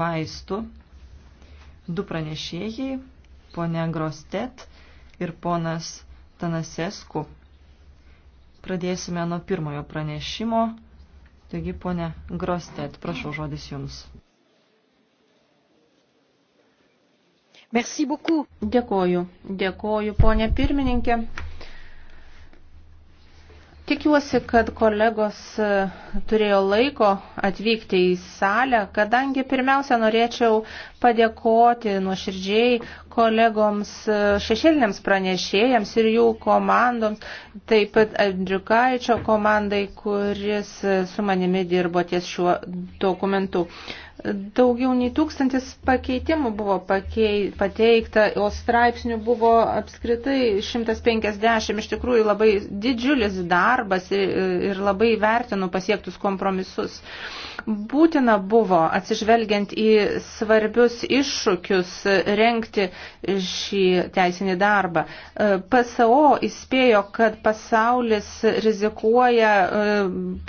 vaistų. Du pranešėjai, ponė Grostet ir ponas Tanasesku. Pradėsime nuo pirmojo pranešimo. Taigi, ponė Grostet, prašau žodis jums. Merci beaucoup. Dėkoju. Dėkoju, ponė pirmininkė. Tikiuosi, kad kolegos e, turėjo laiko atvykti į salę, kadangi pirmiausia norėčiau padėkoti nuoširdžiai kolegoms e, šešėliniams pranešėjams ir jų komandoms, taip pat Andriukaičio komandai, kuris e, su manimi dirbo ties šiuo dokumentu. Daugiau nei tūkstantis pakeitimų buvo pakei, pateikta, o straipsnių buvo apskritai 150. Iš tikrųjų labai didžiulis darbas ir, ir labai vertinu pasiektus kompromisus. Būtina buvo, atsižvelgiant į svarbius iššūkius, renkti šį teisinį darbą. E, PSO įspėjo, kad pasaulis rizikuoja e,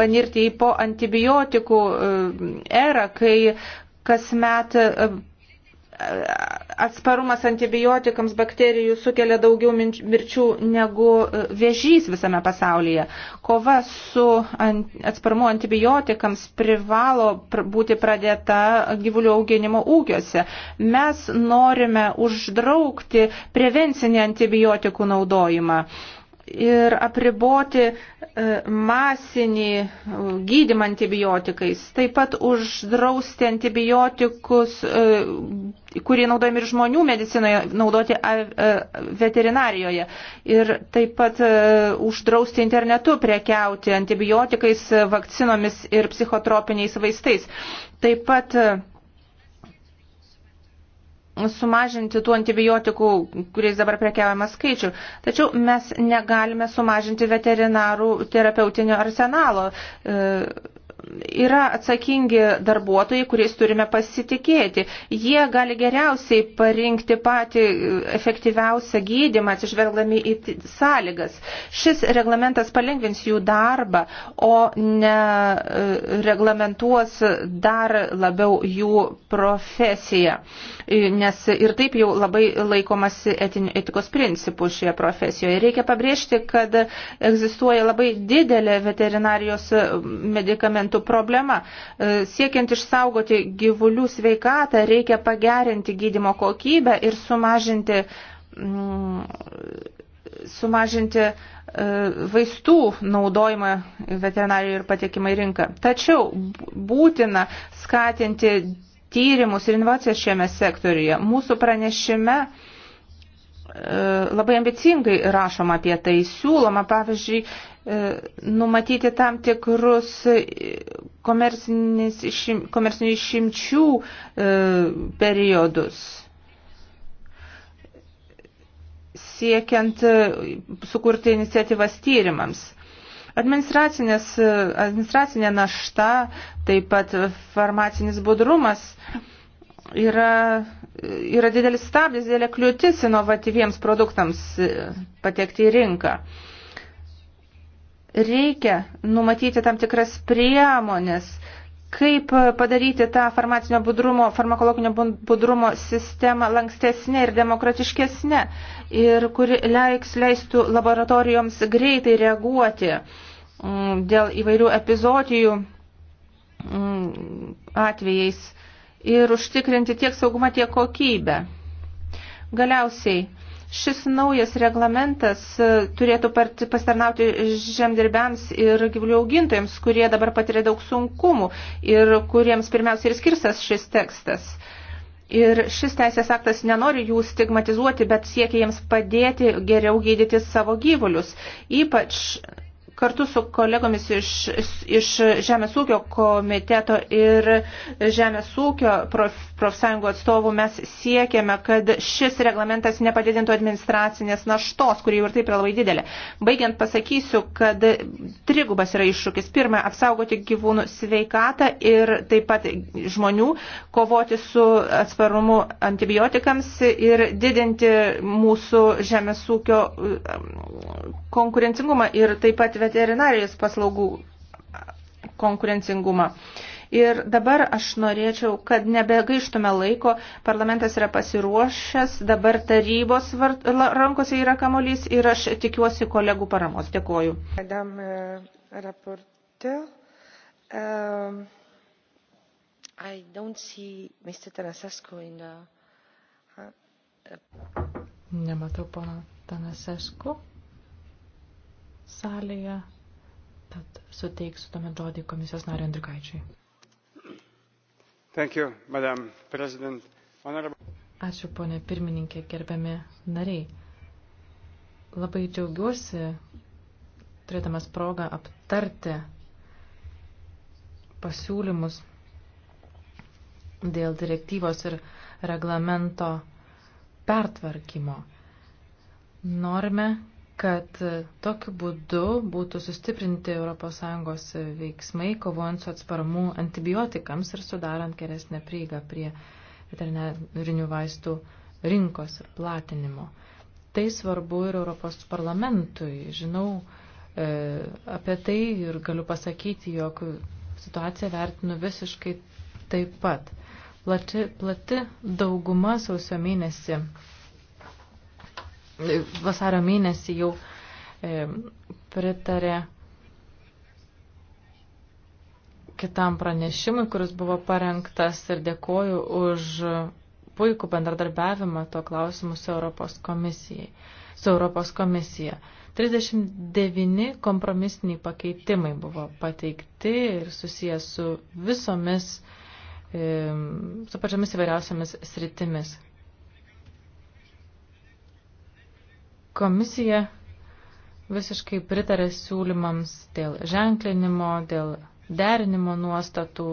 panirti į po antibiotikų e, erą, kai kasmet e, atsparumas antibiotikams bakterijų sukelia daugiau mirčių negu e, vėžys visame pasaulyje. Kova su atsparumu antibiotikams privalo būti pradėta gyvulių auginimo ūkiuose. Mes norime uždraukti prevencinį antibiotikų naudojimą ir apriboti e, masinį e, gydimą antibiotikais. Taip pat uždrausti antibiotikus, e, kurie naudojami ir žmonių medicinoje, naudoti veterinarijoje. Ir taip pat uždrausti internetu prekiauti antibiotikais, vakcinomis ir psichotropiniais vaistais. Taip pat sumažinti tų antibiotikų, kuriais dabar prekiaujama skaičių. Tačiau mes negalime sumažinti veterinarų terapeutinio arsenalo. E, yra atsakingi darbuotojai, kuriais turime pasitikėti. Jie gali geriausiai parinkti patį efektyviausią gydimą, atsižvelgdami į sąlygas. Šis reglamentas palengvins jų darbą, o ne e, reglamentuos dar labiau jų profesiją, e, nes ir taip jau labai laikomasi etikos principų šioje profesijoje. Reikia pabrėžti, kad egzistuoja labai didelė veterinarijos medikamentų būtų problema. E, siekiant išsaugoti gyvulių sveikatą, reikia pagerinti gydimo kokybę ir sumažinti, mm, sumažinti e, vaistų naudojimą veterinarijoje ir patekimą į rinką. Tačiau būtina skatinti tyrimus ir inovacijas šiame sektoriuje. Mūsų pranešime e, labai ambicingai rašoma apie tai, siūloma, pavyzdžiui, E, numatyti tam tikrus išim, komercinių išimčių e, periodus, siekiant e, sukurti iniciatyvas tyrimams. Administracinė našta, taip pat farmacinis budrumas yra, yra didelis stabdis, didelė kliūtis inovatyviems produktams patekti į rinką. Reikia numatyti tam tikras priemonės, kaip padaryti tą farmacinio budrumo, farmakologinio budrumo sistemą lankstesnė ir demokratiškesnė ir kuri leiks, leistų laboratorijoms greitai reaguoti mm, dėl įvairių epizodijų mm, atvejais ir užtikrinti tiek saugumą, tiek kokybę. Galiausiai Šis naujas reglamentas e, turėtų pasitarnauti žemdirbiams ir gyvulių augintojams, kurie dabar patiria daug sunkumų ir kuriems pirmiausia ir skirsas šis tekstas. Ir šis teisės aktas nenori jų stigmatizuoti, bet siekia jiems padėti geriau gydyti savo gyvulius. Ypač kartu su kolegomis iš, iš Žemės ūkio komiteto ir Žemės ūkio prof, profsąjungų atstovų mes siekėme, kad šis reglamentas nepadidintų administracinės naštos, kuri jau ir taip yra labai didelė. Baigiant pasakysiu, kad trigubas yra iššūkis. Pirma, apsaugoti gyvūnų sveikatą ir taip pat žmonių, kovoti su atsparumu antibiotikams ir didinti mūsų Žemės ūkio um, konkurencingumą ir taip pat veterinarijos paslaugų konkurencingumą. Ir dabar aš norėčiau, kad nebegaištume laiko, parlamentas yra pasiruošęs, dabar tarybos vart, rankose yra kamolys ir aš tikiuosi kolegų paramos. Dėkoju. Madam, euh, raporte, um, euh, I don't see Mr. Tanasesko in the... Uh, uh, Nematau pono Tanasesko salėje, tad suteiksiu tuomet žodį komisijos nariu Andrikaičiui. Thank you, Madam President. Honorable... Ačiū, ponė pirmininkė, gerbiami nariai. Labai džiaugiuosi, turėdamas progą aptarti pasiūlymus dėl direktyvos ir reglamento pertvarkymo. Norime kad tokiu būdu būtų sustiprinti ES veiksmai, kovojant su atsparamu antibiotikams ir sudarant geresnę prieigą prie veterinarinių vaistų rinkos ir platinimo. Tai svarbu ir Europos parlamentui. Žinau e, apie tai ir galiu pasakyti, jog situaciją vertinu visiškai taip pat. Plati, plati dauguma sausio mėnesį vasario mėnesį jau e, pritarė kitam pranešimui, kuris buvo parengtas ir dėkoju už puikų bendradarbiavimą to klausimu su Europos, komisijai, su Europos komisija. 39 kompromisiniai pakeitimai buvo pateikti ir susijęs su visomis, e, su pačiamis įvairiausiamis sritimis. Komisija visiškai pritarė siūlymams dėl ženklinimo, dėl derinimo nuostatų,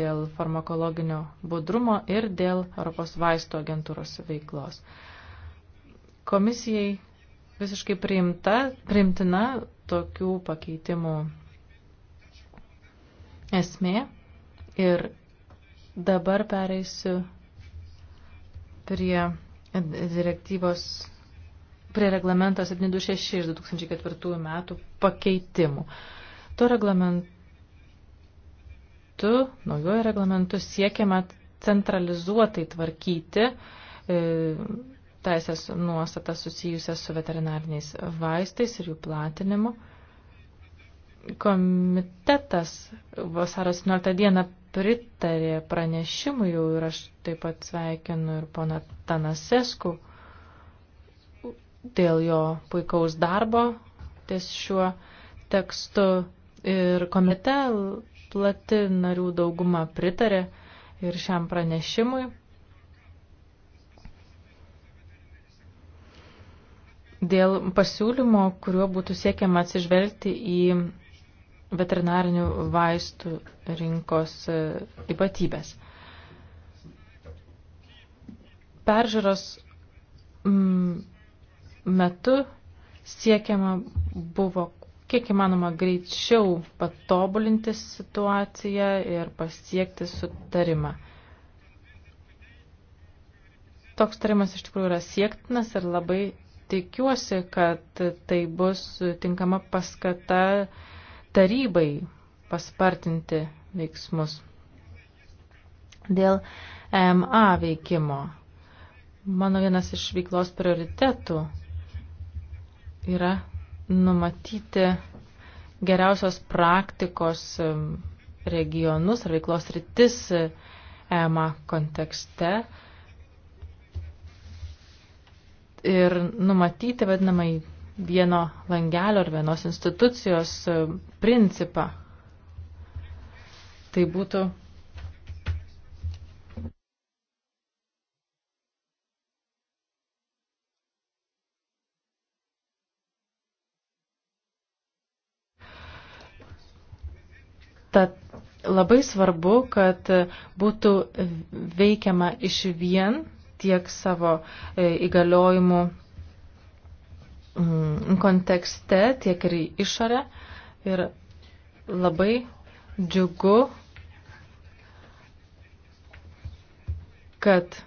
dėl farmakologinio budrumo ir dėl Europos vaisto agentūros veiklos. Komisijai visiškai priimta, priimtina tokių pakeitimų esmė ir dabar pereisiu prie direktyvos prie reglamento 726 iš 2004 metų pakeitimų. To reglamentu, naujojo reglamentu siekiama centralizuotai tvarkyti e, teisės nuostatas susijusias su veterinariniais vaistais ir jų platinimu. Komitetas vasaro 17 dieną pritarė pranešimui jau ir aš taip pat sveikinu ir poną Tanasesku dėl jo puikaus darbo ties šiuo tekstu ir komite plati narių dauguma pritarė ir šiam pranešimui. Dėl pasiūlymo, kuriuo būtų siekiama atsižvelgti į veterinarinių vaistų rinkos e, ypatybės. Peržiūros mm, metu siekiama buvo kiek įmanoma greičiau patobulinti situaciją ir pasiekti sutarimą. Toks tarimas iš tikrųjų yra siektinas ir labai tikiuosi, kad tai bus tinkama paskata tarybai paspartinti veiksmus. Dėl EMA veikimo. Mano vienas iš veiklos prioritetų yra numatyti geriausios praktikos regionus ar veiklos rytis EMA kontekste ir numatyti vadinamai vieno langelio ar vienos institucijos principą. Tai būtų Tad labai svarbu, kad būtų veikiama iš vien tiek savo e, įgaliojimų mm, kontekste, tiek ir išorę. Ir labai džiugu, kad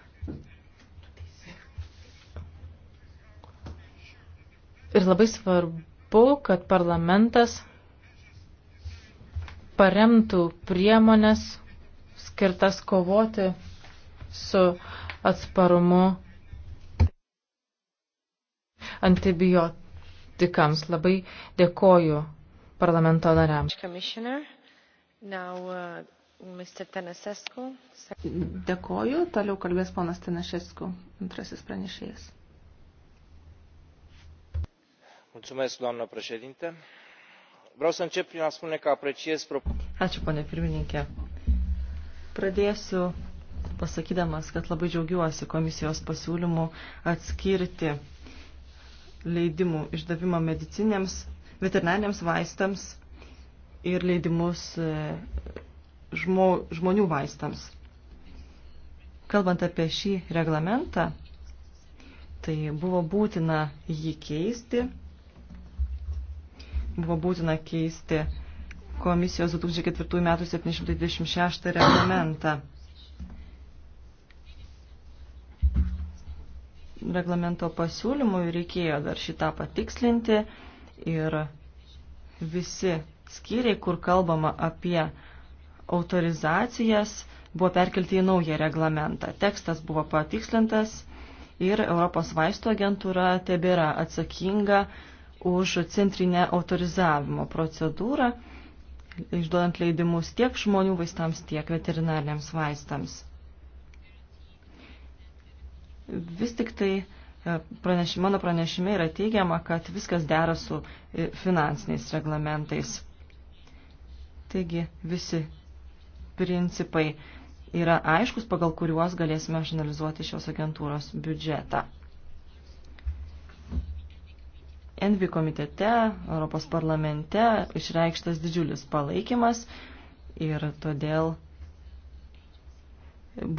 ir labai svarbu, kad parlamentas paremtų priemonės skirtas kovoti su atsparumu antibiotikams. Labai dėkoju parlamento nariams. Uh, dėkoju, toliau kalbės ponas Tenašesku, antrasis pranešėjas. Mulțumesc, doamnă președinte. Vreau să încep prin a spune că apreciez Ačiū, ponė pirmininkė. Pradėsiu pasakydamas, kad labai džiaugiuosi komisijos pasiūlymu atskirti leidimų išdavimą medicinėms, veterinariams vaistams ir leidimus e, žmo, žmonių vaistams. Kalbant apie šį reglamentą, tai buvo būtina jį keisti buvo būtina keisti komisijos 2004 metų 726 reglamentą. Reglamento pasiūlymui reikėjo dar šitą patikslinti ir visi skyriai, kur kalbama apie autorizacijas, buvo perkelti į naują reglamentą. Tekstas buvo patikslintas ir Europos vaistų agentūra tebėra atsakinga už centrinę autorizavimo procedūrą, išduodant leidimus tiek žmonių vaistams, tiek veterinariniams vaistams. Vis tik tai e, pranešim, mano pranešime yra teigiama, kad viskas dera su e, finansiniais reglamentais. Taigi visi principai yra aiškus, pagal kuriuos galėsime išanalizuoti šios agentūros biudžetą. Envi komitete, Europos parlamente išreikštas didžiulis palaikymas ir todėl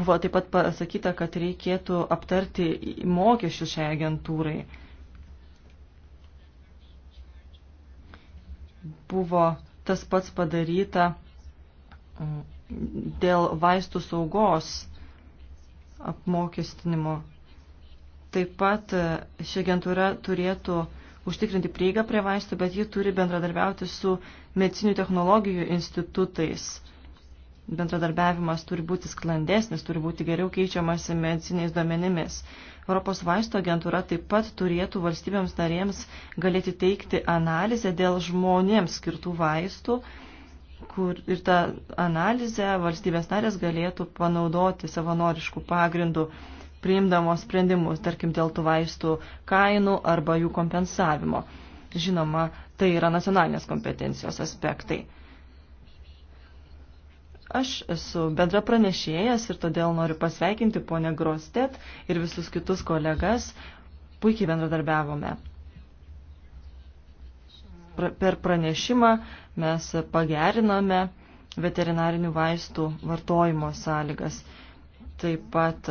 buvo taip pat pasakyta, kad reikėtų aptarti mokesčius šiai agentūrai. Buvo tas pats padaryta mm, dėl vaistų saugos apmokestinimo. Taip pat e, ši agentūra turėtų užtikrinti prieigą prie vaistų, bet ji turi bendradarbiauti su medicinių technologijų institutais. Bendradarbiavimas turi būti sklandesnis, turi būti geriau keičiamasi mediciniais duomenimis. Europos vaisto agentūra taip pat turėtų valstybėms narėms galėti teikti analizę dėl žmonėms skirtų vaistų, kur ir tą analizę valstybės narės galėtų panaudoti savanoriškų pagrindų priimdamos sprendimus, tarkim, dėl tų vaistų kainų arba jų kompensavimo. Žinoma, tai yra nacionalinės kompetencijos aspektai. Aš esu bendra pranešėjas ir todėl noriu pasveikinti ponę Grostet ir visus kitus kolegas. Puikiai bendradarbiavome. Per pranešimą mes pagerinome veterinarinių vaistų vartojimo sąlygas taip pat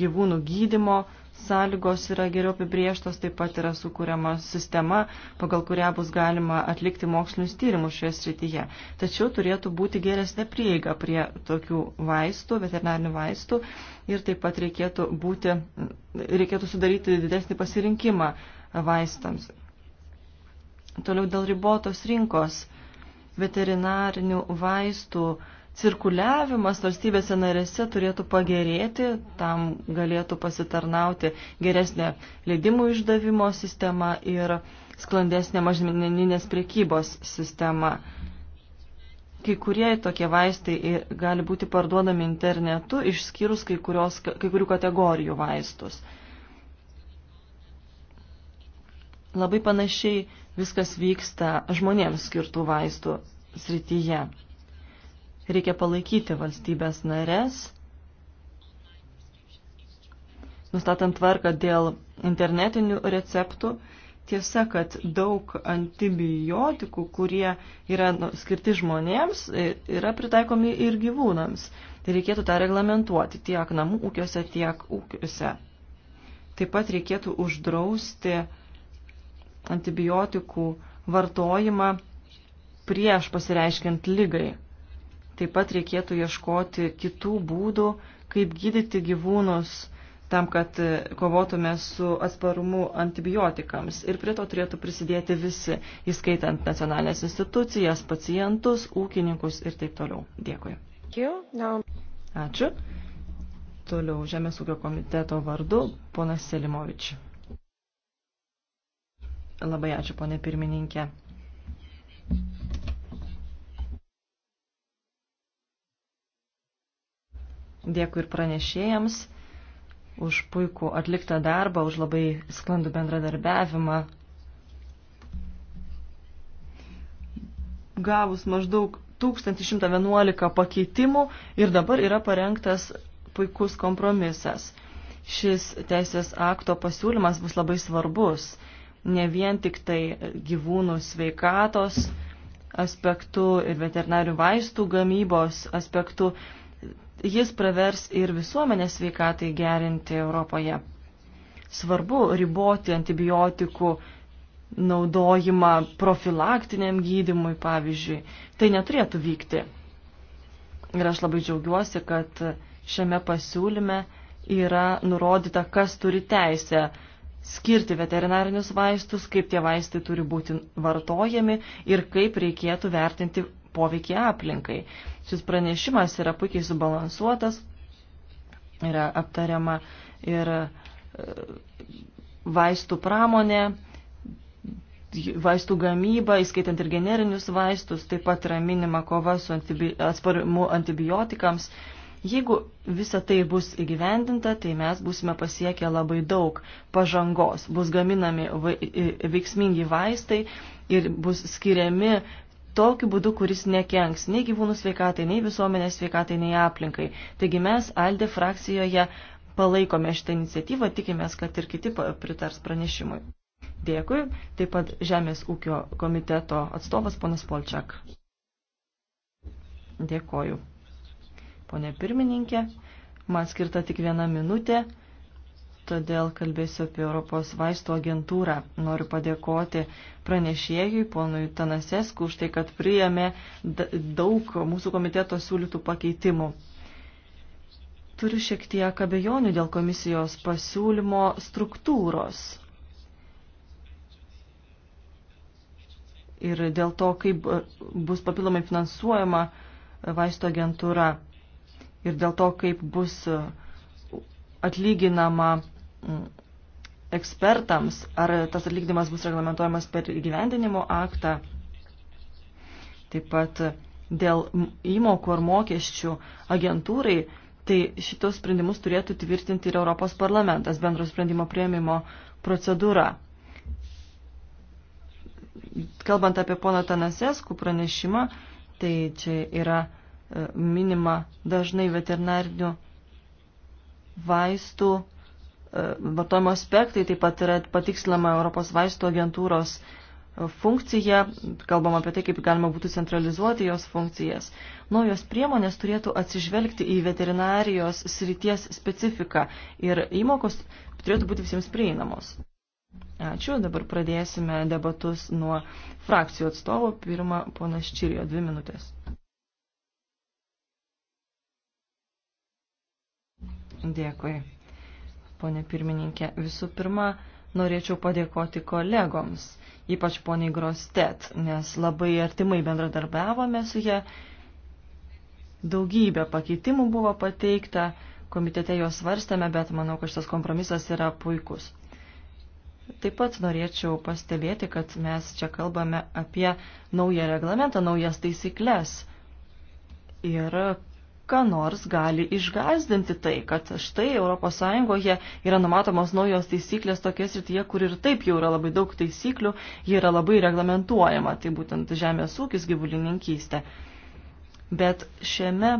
gyvūnų gydimo sąlygos yra geriau apibrieštos, taip pat yra sukūriama sistema, pagal kurią bus galima atlikti mokslinius tyrimus šioje srityje. Tačiau turėtų būti geresnė prieiga prie tokių vaistų, veterinarinių vaistų ir taip pat reikėtų, būti, reikėtų sudaryti didesnį pasirinkimą vaistams. Toliau dėl ribotos rinkos veterinarinių vaistų cirkuliavimas valstybėse narėse turėtų pagerėti, tam galėtų pasitarnauti geresnė leidimų išdavimo sistema ir sklandesnė mažmeninės priekybos sistema. Kai kurie tokie vaistai gali būti parduodami internetu, išskyrus kai, kurios, kai kurių kategorijų vaistus. Labai panašiai viskas vyksta žmonėms skirtų vaistų srityje. Reikia palaikyti valstybės narės, nustatant tvarką dėl internetinių receptų. Tiesa, kad daug antibiotikų, kurie yra nu, skirti žmonėms, yra pritaikomi ir gyvūnams. Tai reikėtų tą reglamentuoti tiek namų ūkiuose, tiek ūkiuose. Taip pat reikėtų uždrausti antibiotikų vartojimą prieš pasireiškiant lygai. Taip pat reikėtų ieškoti kitų būdų, kaip gydyti gyvūnus tam, kad e, kovotume su atsparumu antibiotikams. Ir prie to turėtų prisidėti visi, įskaitant nacionalinės institucijas, pacientus, ūkininkus ir taip toliau. Dėkui. Ačiū. Toliau Žemės ūkio komiteto vardu ponas Selimovič. Labai ačiū, ponė pirmininkė. Dėkui ir pranešėjams už puikų atliktą darbą, už labai sklandų bendradarbiavimą. Gavus maždaug 1111 pakeitimų ir dabar yra parengtas puikus kompromisas. Šis teisės akto pasiūlymas bus labai svarbus, ne vien tik tai gyvūnų sveikatos aspektų ir veterinarių vaistų gamybos aspektų, jis pravers ir visuomenės sveikatai gerinti Europoje. Svarbu riboti antibiotikų naudojimą profilaktiniam gydimui, pavyzdžiui. Tai neturėtų vykti. Ir aš labai džiaugiuosi, kad šiame pasiūlyme yra nurodyta, kas turi teisę skirti veterinarinius vaistus, kaip tie vaistai turi būti vartojami ir kaip reikėtų vertinti poveikį aplinkai. Šis pranešimas yra puikiai subalansuotas, yra aptariama ir e, vaistų pramonė, vaistų gamyba, įskaitant ir generinius vaistus, taip pat yra minima kova su antibi atsparimu antibiotikams. Jeigu visa tai bus įgyvendinta, tai mes būsime pasiekę labai daug pažangos. Bus gaminami veiksmingi vaistai ir bus skiriami tokiu būdu, kuris nekenks nei gyvūnų sveikatai, nei visuomenės sveikatai, nei aplinkai. Taigi mes Alde frakcijoje palaikome šitą iniciatyvą, tikimės, kad ir kiti pritars pranešimui. Dėkui. Taip pat Žemės ūkio komiteto atstovas ponas Polčiak. Dėkoju. Pone pirmininkė, man skirta tik viena minutė todėl kalbėsiu apie Europos vaisto agentūrą. Noriu padėkoti pranešėjui, ponui Tanasesku, už tai, kad priėmė daug mūsų komiteto siūlytų pakeitimų. Turiu šiek tiek abejonių dėl komisijos pasiūlymo struktūros. Ir dėl to, kaip bus papildomai finansuojama vaisto agentūra. Ir dėl to, kaip bus atlyginama Mm, ekspertams, ar tas atlygdymas bus reglamentuojamas per įgyvendinimo aktą, taip pat dėl įmokų ar mokesčių agentūrai, tai šitos sprendimus turėtų tvirtinti ir Europos parlamentas bendro sprendimo prieimimo procedūra. Kalbant apie pono Tanaseskų pranešimą, tai čia yra e, minima dažnai veterinarinių vaistų vartojimo aspektai, taip pat yra patikslama Europos vaisto agentūros e, funkcija, kalbam apie tai, kaip galima būtų centralizuoti jos funkcijas. Naujos priemonės turėtų atsižvelgti į veterinarijos srities specifiką ir įmokos turėtų būti visiems prieinamos. Ačiū, dabar pradėsime debatus nuo frakcijų atstovų. Pirma, ponas Čirijo, dvi minutės. Dėkui ponė pirmininkė. Visų pirma, norėčiau padėkoti kolegoms, ypač poniai Grostet, nes labai artimai bendradarbiavome su jie. Daugybė pakeitimų buvo pateikta, komitete juos svarstėme, bet manau, kad šitas kompromisas yra puikus. Taip pat norėčiau pastebėti, kad mes čia kalbame apie naują reglamentą, naujas taisyklės. Ir ką nors gali išgazdinti tai, kad štai ES yra numatomos naujos taisyklės tokie srityje, kur ir taip jau yra labai daug taisyklių, jie yra labai reglamentuojama, tai būtent žemės ūkis, gyvulininkystė. Bet šiame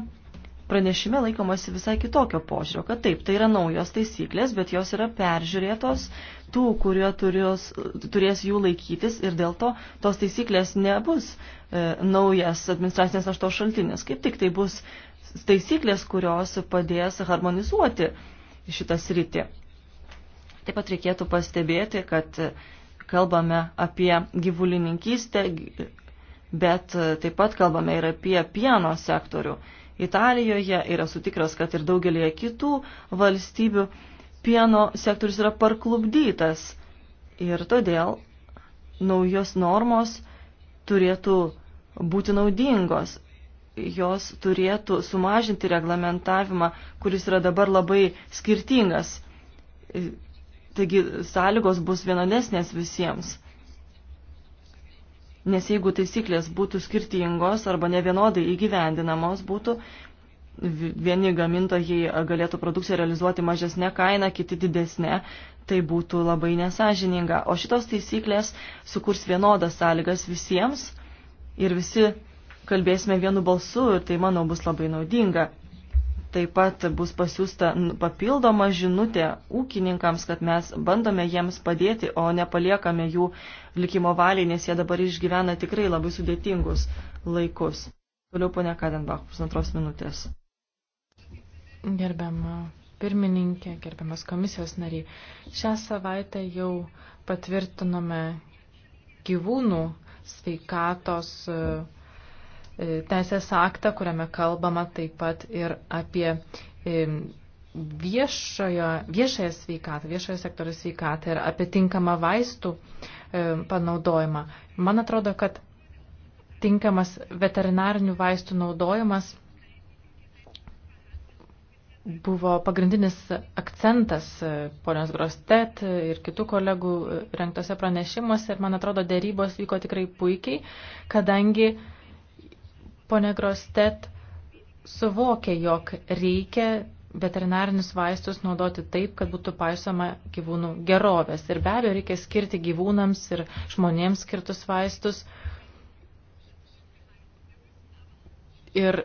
pranešime laikomasi visai kitokio požiūrio, kad taip, tai yra naujos taisyklės, bet jos yra peržiūrėtos tų, kurio turės, turės jų laikytis ir dėl to tos taisyklės nebus e, naujas administracinės naštos šaltinis. Kaip tik tai bus taisyklės, kurios padės harmonizuoti šitą sritį. Taip pat reikėtų pastebėti, kad kalbame apie gyvulininkystę, bet taip pat kalbame ir apie pieno sektorių. Italijoje ir esu tikras, kad ir daugelėje kitų valstybių pieno sektorius yra parklubdytas ir todėl naujos normos turėtų būti naudingos jos turėtų sumažinti reglamentavimą, kuris yra dabar labai skirtingas. Taigi sąlygos bus vienodesnės visiems. Nes jeigu taisyklės būtų skirtingos arba nevienodai įgyvendinamos būtų, vieni gamintojai galėtų produkciją realizuoti mažesnę kainą, kiti didesnę, tai būtų labai nesažininga. O šitos taisyklės sukurs vienodas sąlygas visiems ir visi kalbėsime vienu balsu ir tai, manau, bus labai naudinga. Taip pat bus pasiūsta papildoma žinutė ūkininkams, kad mes bandome jiems padėti, o nepaliekame jų likimo valiai, nes jie dabar išgyvena tikrai labai sudėtingus laikus. Toliau ponia Kadenbach, pusantros minutės. Gerbiama pirmininkė, gerbiamas komisijos nariai, šią savaitę jau patvirtinome gyvūnų sveikatos uh, E, teisės aktą, kuriame kalbama taip pat ir apie e, viešojo, viešąją sveikatą, viešojo sektorio sveikatą ir apie tinkamą vaistų e, panaudojimą. Man atrodo, kad tinkamas veterinarinių vaistų naudojimas buvo pagrindinis akcentas ponios Grostet ir kitų kolegų renktose pranešimuose ir man atrodo dėrybos vyko tikrai puikiai, kadangi Pone Grostet suvokė, jog reikia veterinarinius vaistus naudoti taip, kad būtų paisoma gyvūnų gerovės. Ir be abejo, reikia skirti gyvūnams ir žmonėms skirtus vaistus. Ir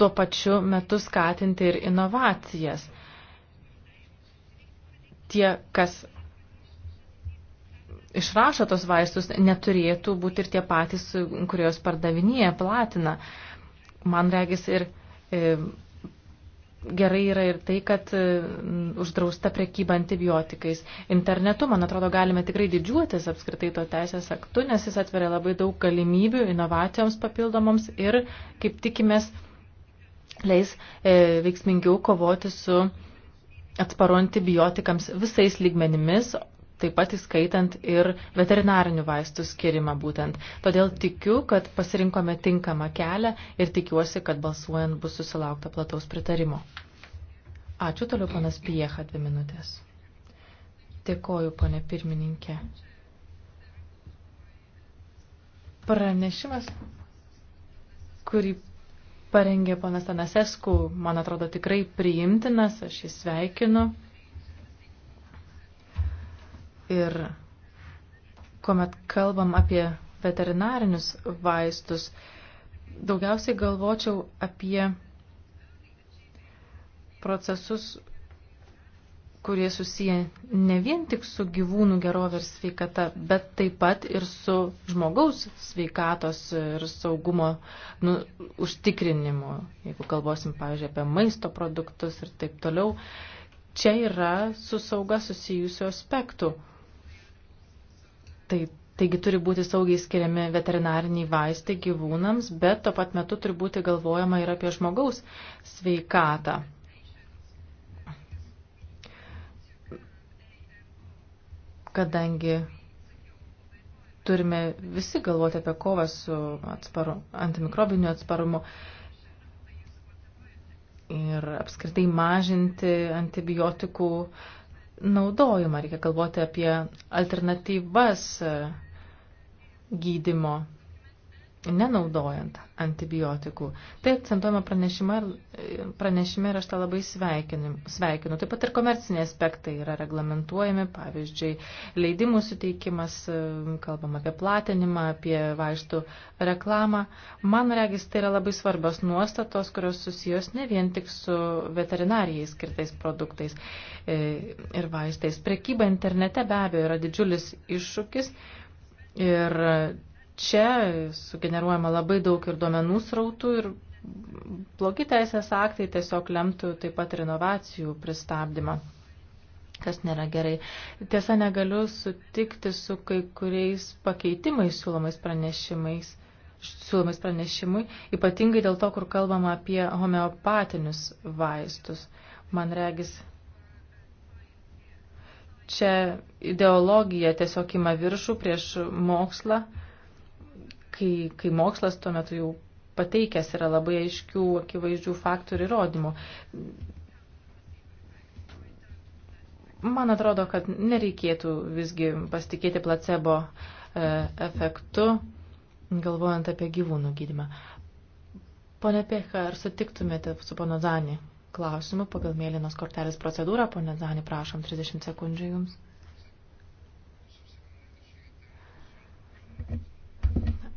tuo pačiu metu skatinti ir inovacijas. Tie, kas išrašo tos vaistus, neturėtų būti ir tie patys, kurios pardavinėja, platina. Man regis ir e, gerai yra ir tai, kad e, uždrausta prekyba antibiotikais. Internetu, man atrodo, galime tikrai didžiuotis apskritai to teisės aktu, nes jis atveria labai daug galimybių inovacijoms papildomoms ir, kaip tikimės, leis e, veiksmingiau kovoti su atsparu antibiotikams visais lygmenimis, taip pat įskaitant ir veterinarinių vaistų skirimą būtent. Todėl tikiu, kad pasirinkome tinkamą kelią ir tikiuosi, kad balsuojant bus susilaukta plataus pritarimo. Ačiū toliau, panas Piecha, dvi minutės. Dėkoju, ponė pirmininkė. Pranešimas, kurį parengė ponas Tanasesku, man atrodo tikrai priimtinas, aš jį sveikinu. Ir kuomet kalbam apie veterinarinius vaistus, daugiausiai galvočiau apie procesus, kurie susiję ne vien tik su gyvūnų gerovė ir sveikata, bet taip pat ir su žmogaus sveikatos ir saugumo nu, užtikrinimu. Jeigu kalbosim, pavyzdžiui, apie maisto produktus ir taip toliau, čia yra su sauga susijusių aspektų. Tai, taigi turi būti saugiai skiriami veterinariniai vaistai gyvūnams, bet tuo pat metu turi būti galvojama ir apie žmogaus sveikatą. Kadangi turime visi galvoti apie kovą su atsparu, antimikrobiniu atsparumu ir apskritai mažinti antibiotikų uh, naudojimą, reikia galvoti apie alternatyvas e, gydimo nenaudojant antibiotikų. Tai akcentuojama pranešime ir aš tą labai sveikinu. sveikinu. Taip pat ir komerciniai aspektai yra reglamentuojami, pavyzdžiui, leidimų suteikimas, kalbam apie platinimą, apie vaistų reklamą. Man regis, tai yra labai svarbios nuostatos, kurios susijos ne vien tik su veterinarijai skirtais produktais e, ir vaistais. Prekyba internete be abejo yra didžiulis iššūkis ir čia sugeneruojama labai daug ir duomenų srautų ir blogi teisės aktai tiesiog lemtų taip pat ir inovacijų pristabdymą kas nėra gerai. Tiesa, negaliu sutikti su kai kuriais pakeitimais siūlomais pranešimais, siūlomais pranešimui, ypatingai dėl to, kur kalbama apie homeopatinius vaistus. Man regis, čia ideologija tiesiog ima viršų prieš mokslą kai, kai mokslas tuo metu jau pateikęs yra labai aiškių, akivaizdžių faktų ir įrodymų. Man atrodo, kad nereikėtų visgi pasitikėti placebo e, efektu, galvojant apie gyvūnų gydimą. Pone Pecha, ar sutiktumėte su pono Zani klausimu pagal mėlynos kortelės procedūrą? Pone Zani, prašom, 30 sekundžių jums.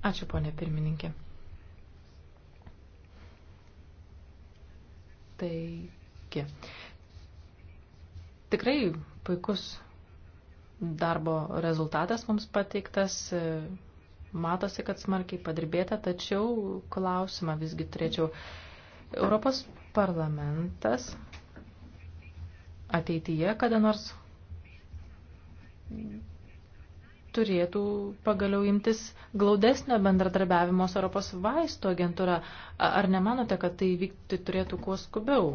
Ačiū, ponė pirmininkė. Taigi, tikrai puikus darbo rezultatas mums pateiktas. Matosi, kad smarkiai padirbėta, tačiau klausimą visgi turėčiau. Europos parlamentas ateityje kada nors turėtų pagaliau imtis glaudesnio bendradarbiavimo su Europos vaisto agentūra. Ar nemanote, kad tai vykti turėtų kuo skubiau?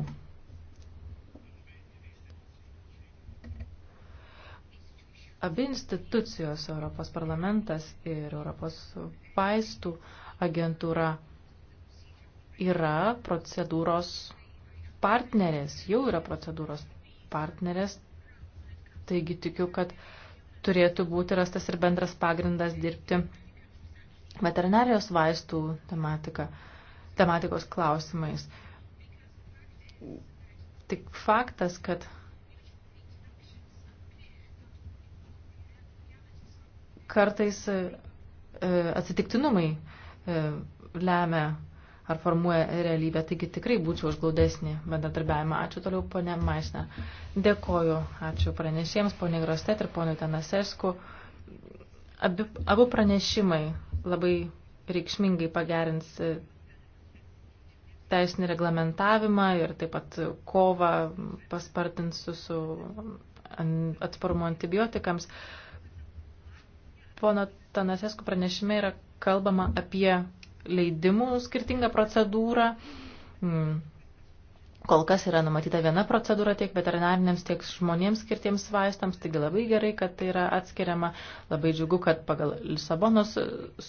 Abi institucijos, Europos parlamentas ir Europos vaistų agentūra, yra procedūros partnerės, jau yra procedūros partnerės, taigi tikiu, kad uh, turėtų būti rastas ir bendras pagrindas dirbti veterinarijos vaistų tematika, tematikos klausimais. Tik faktas, kad kartais e, atsitiktinumai e, lemia ar formuoja realybę. Taigi tikrai būčiau už glaudesnį bendradarbiavimą. Ačiū toliau, ponė Maisne. Dėkoju, ačiū pranešėjams, ponė Grostet ir ponė Tanasesku. Abi, abu pranešimai labai reikšmingai pagerins e, teisinį reglamentavimą ir taip pat kovą paspartins su, su atsparumu antibiotikams. Pono Tanasesku pranešime yra kalbama apie leidimų skirtingą procedūrą. Hmm. Kol kas yra numatyta viena procedūra tiek veterinariniams, tiek žmonėms skirtiems vaistams, taigi labai gerai, kad tai yra atskiriama. Labai džiugu, kad pagal Lisabonos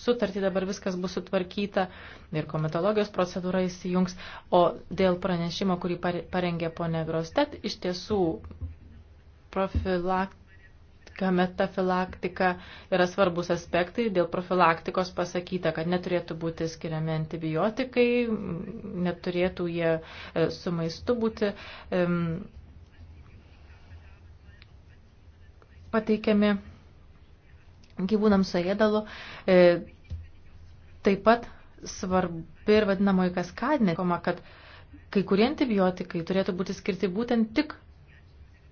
sutartį dabar viskas bus sutvarkyta ir komitologijos procedūra įsijungs. O dėl pranešimo, kurį parengė ponė Grostet, iš tiesų profilakt gametafilaktika yra svarbus aspektai. Dėl profilaktikos pasakyta, kad neturėtų būti skiriami antibiotikai, neturėtų jie e, su maistu būti pateikiami gyvūnams su ėdalu. E, taip pat svarbi ir vadinamoji kaskadinė, kad kai kurie antibiotikai turėtų būti skirti būtent tik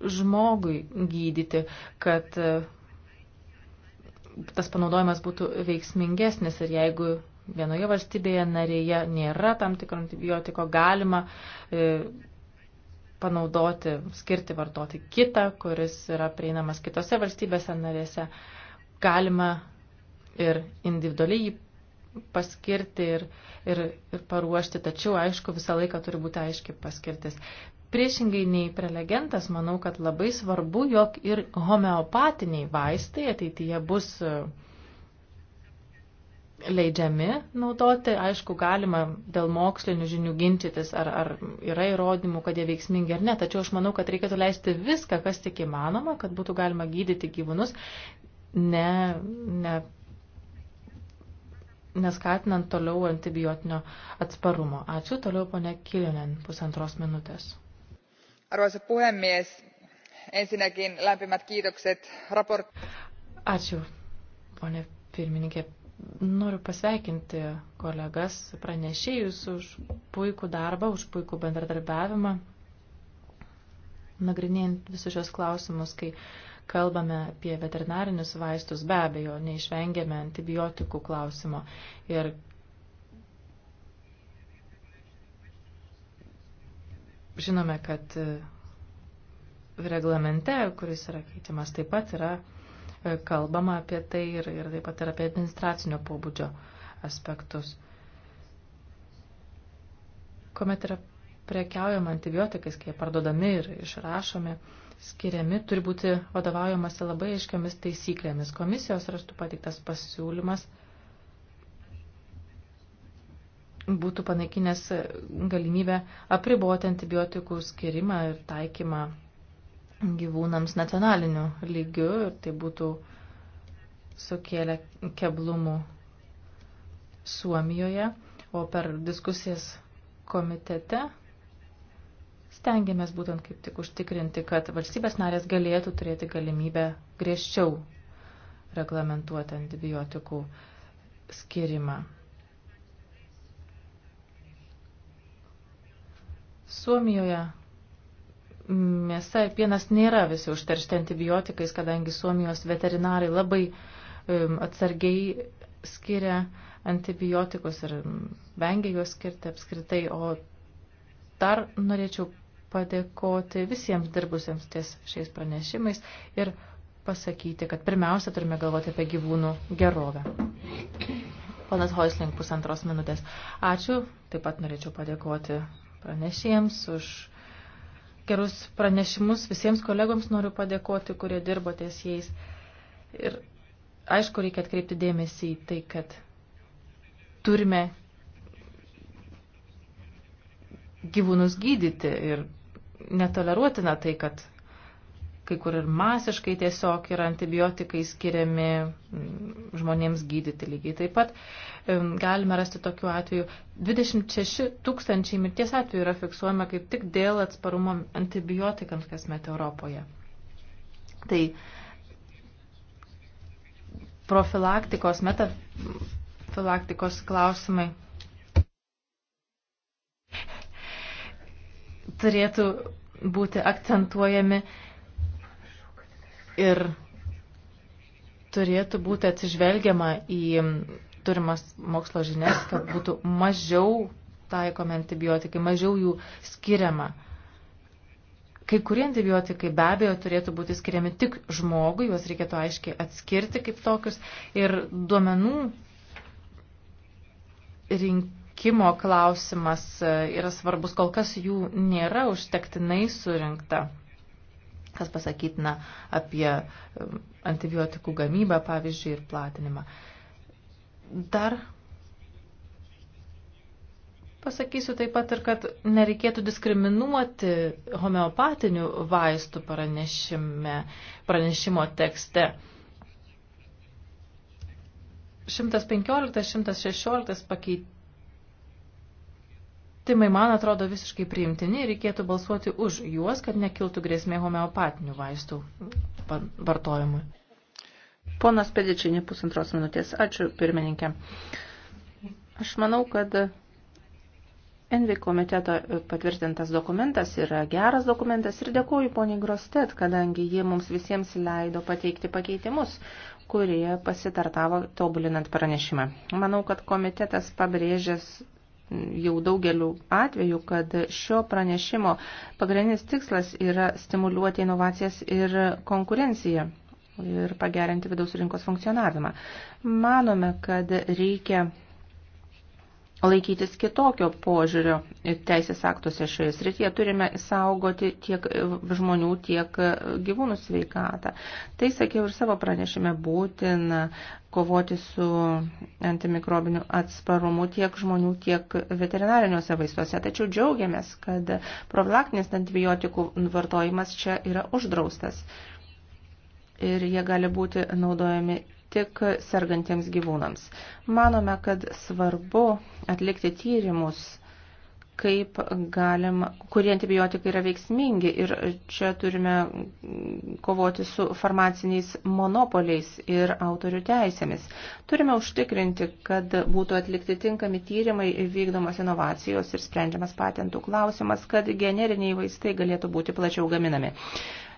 žmogui gydyti, kad e, tas panaudojimas būtų veiksmingesnis ir jeigu vienoje valstybėje narėje nėra tam tikro antibiotiko, galima e, panaudoti, skirti vartoti kitą, kuris yra prieinamas kitose valstybėse narėse. Galima ir individualiai jį paskirti ir, ir, ir paruošti, tačiau aišku visą laiką turi būti aiški paskirtis. Priešingai nei prelegentas, manau, kad labai svarbu, jog ir homeopatiniai vaistai ateityje bus e, leidžiami naudoti. Aišku, galima dėl mokslinių žinių ginčytis, ar, ar yra įrodymų, kad jie veiksmingi ar ne. Tačiau aš manau, kad reikėtų leisti viską, kas tik įmanoma, kad būtų galima gydyti gyvūnus, ne, ne, neskatinant toliau antibiotinio atsparumo. Ačiū toliau, ponia Kilinen, pusantros minutės arvoisa puhemies ensinnäkin lämpimät kiitokset Ačiū, ponė pirmininkė. Noriu pasveikinti kolegas pranešėjus už puikų darbą, už puikų bendradarbiavimą, nagrinėjant visus šios klausimus, kai kalbame apie veterinarinius vaistus, be abejo, neišvengiame antibiotikų klausimo. Ir Žinome, kad e, reglamente, kuris yra keitimas, taip pat yra e, kalbama apie tai ir, ir taip pat ir apie administracinio pobūdžio aspektus. Komet yra prekiaujama antibiotikais, kai jie parduodami ir išrašomi, skiriami, turi būti vadovaujamasi labai aiškiamis taisyklėmis. Komisijos rastų pateiktas pasiūlymas būtų panaikinęs galimybę apriboti antibiotikų skirimą ir taikymą gyvūnams nacionaliniu lygiu ir tai būtų sukėlę keblumų Suomijoje, o per diskusijas komitete stengiamės būtent kaip tik užtikrinti, kad valstybės narės galėtų turėti galimybę griežčiau reglamentuoti antibiotikų skirimą. Suomijoje mėsa ir pienas nėra visi užteršti antibiotikais, kadangi Suomijos veterinarai labai atsargiai skiria antibiotikus ir vengia juos skirti apskritai. O dar norėčiau padėkoti visiems dirbusiems ties šiais pranešimais ir pasakyti, kad pirmiausia turime galvoti apie gyvūnų gerovę. Panas Hoisling pusantros minutės. Ačiū. Taip pat norėčiau padėkoti pranešėjams už gerus pranešimus. Visiems kolegoms noriu padėkoti, kurie dirbo ties jais. Ir aišku, reikia atkreipti dėmesį į tai, kad turime gyvūnus gydyti ir netoleruotina tai, kad kai kur ir masiškai tiesiog yra antibiotikai skiriami mm, žmonėms gydyti lygiai. Taip pat galime rasti tokių atvejų. 26 tūkstančiai mirties atvejų yra fiksuojama kaip tik dėl atsparumo antibiotikams kasmet Europoje. Tai profilaktikos, metafilaktikos klausimai turėtų būti akcentuojami ir turėtų būti atsižvelgiama į turimas mokslo žinias, kad būtų mažiau taikomi antibiotikai, mažiau jų skiriama. Kai kurie antibiotikai be abejo turėtų būti skiriami tik žmogui, juos reikėtų aiškiai atskirti kaip tokius ir duomenų rinkimo klausimas yra svarbus, kol kas jų nėra užtektinai surinkta kas pasakytina apie um, antibiotikų gamybą, pavyzdžiui, ir platinimą. Dar pasakysiu taip pat ir, kad nereikėtų diskriminuoti homeopatinių vaistų pranešimo tekste. 115-116 pakeitimai pakeitimai, man atrodo, visiškai priimtini ir reikėtų balsuoti už juos, kad nekiltų grėsmė homeopatinių vaistų vartojimui. Ponas Pedičinė, pusantros minutės. Ačiū, pirmininkė. Aš manau, kad Envi komiteto patvirtintas dokumentas yra geras dokumentas ir dėkoju poniai Grostet, kadangi jie mums visiems leido pateikti pakeitimus, kurie pasitartavo tobulinant pranešimą. Manau, kad komitetas pabrėžęs jau daugeliu atveju, kad šio pranešimo pagrindinis tikslas yra stimuliuoti inovacijas ir konkurenciją ir pagerinti vidaus rinkos funkcionavimą. Manome, kad reikia laikytis kitokio požiūrio teisės aktuose šioje srityje. Turime saugoti tiek žmonių, tiek gyvūnų sveikatą. Tai sakiau ir savo pranešime būtina kovoti su antimikrobiniu atsparumu tiek žmonių, tiek veterinariniuose vaistuose. Tačiau džiaugiamės, kad profilaktinis antibiotikų vartojimas čia yra uždraustas. Ir jie gali būti naudojami tik sergantiems gyvūnams. Manome, kad svarbu atlikti tyrimus kaip galima, kurie antibiotikai yra veiksmingi ir čia turime kovoti su farmaciniais monopoliais ir autorių teisėmis. Turime užtikrinti, kad būtų atlikti tinkami tyrimai, vykdomos inovacijos ir sprendžiamas patentų klausimas, kad generiniai vaistai galėtų būti plačiau gaminami.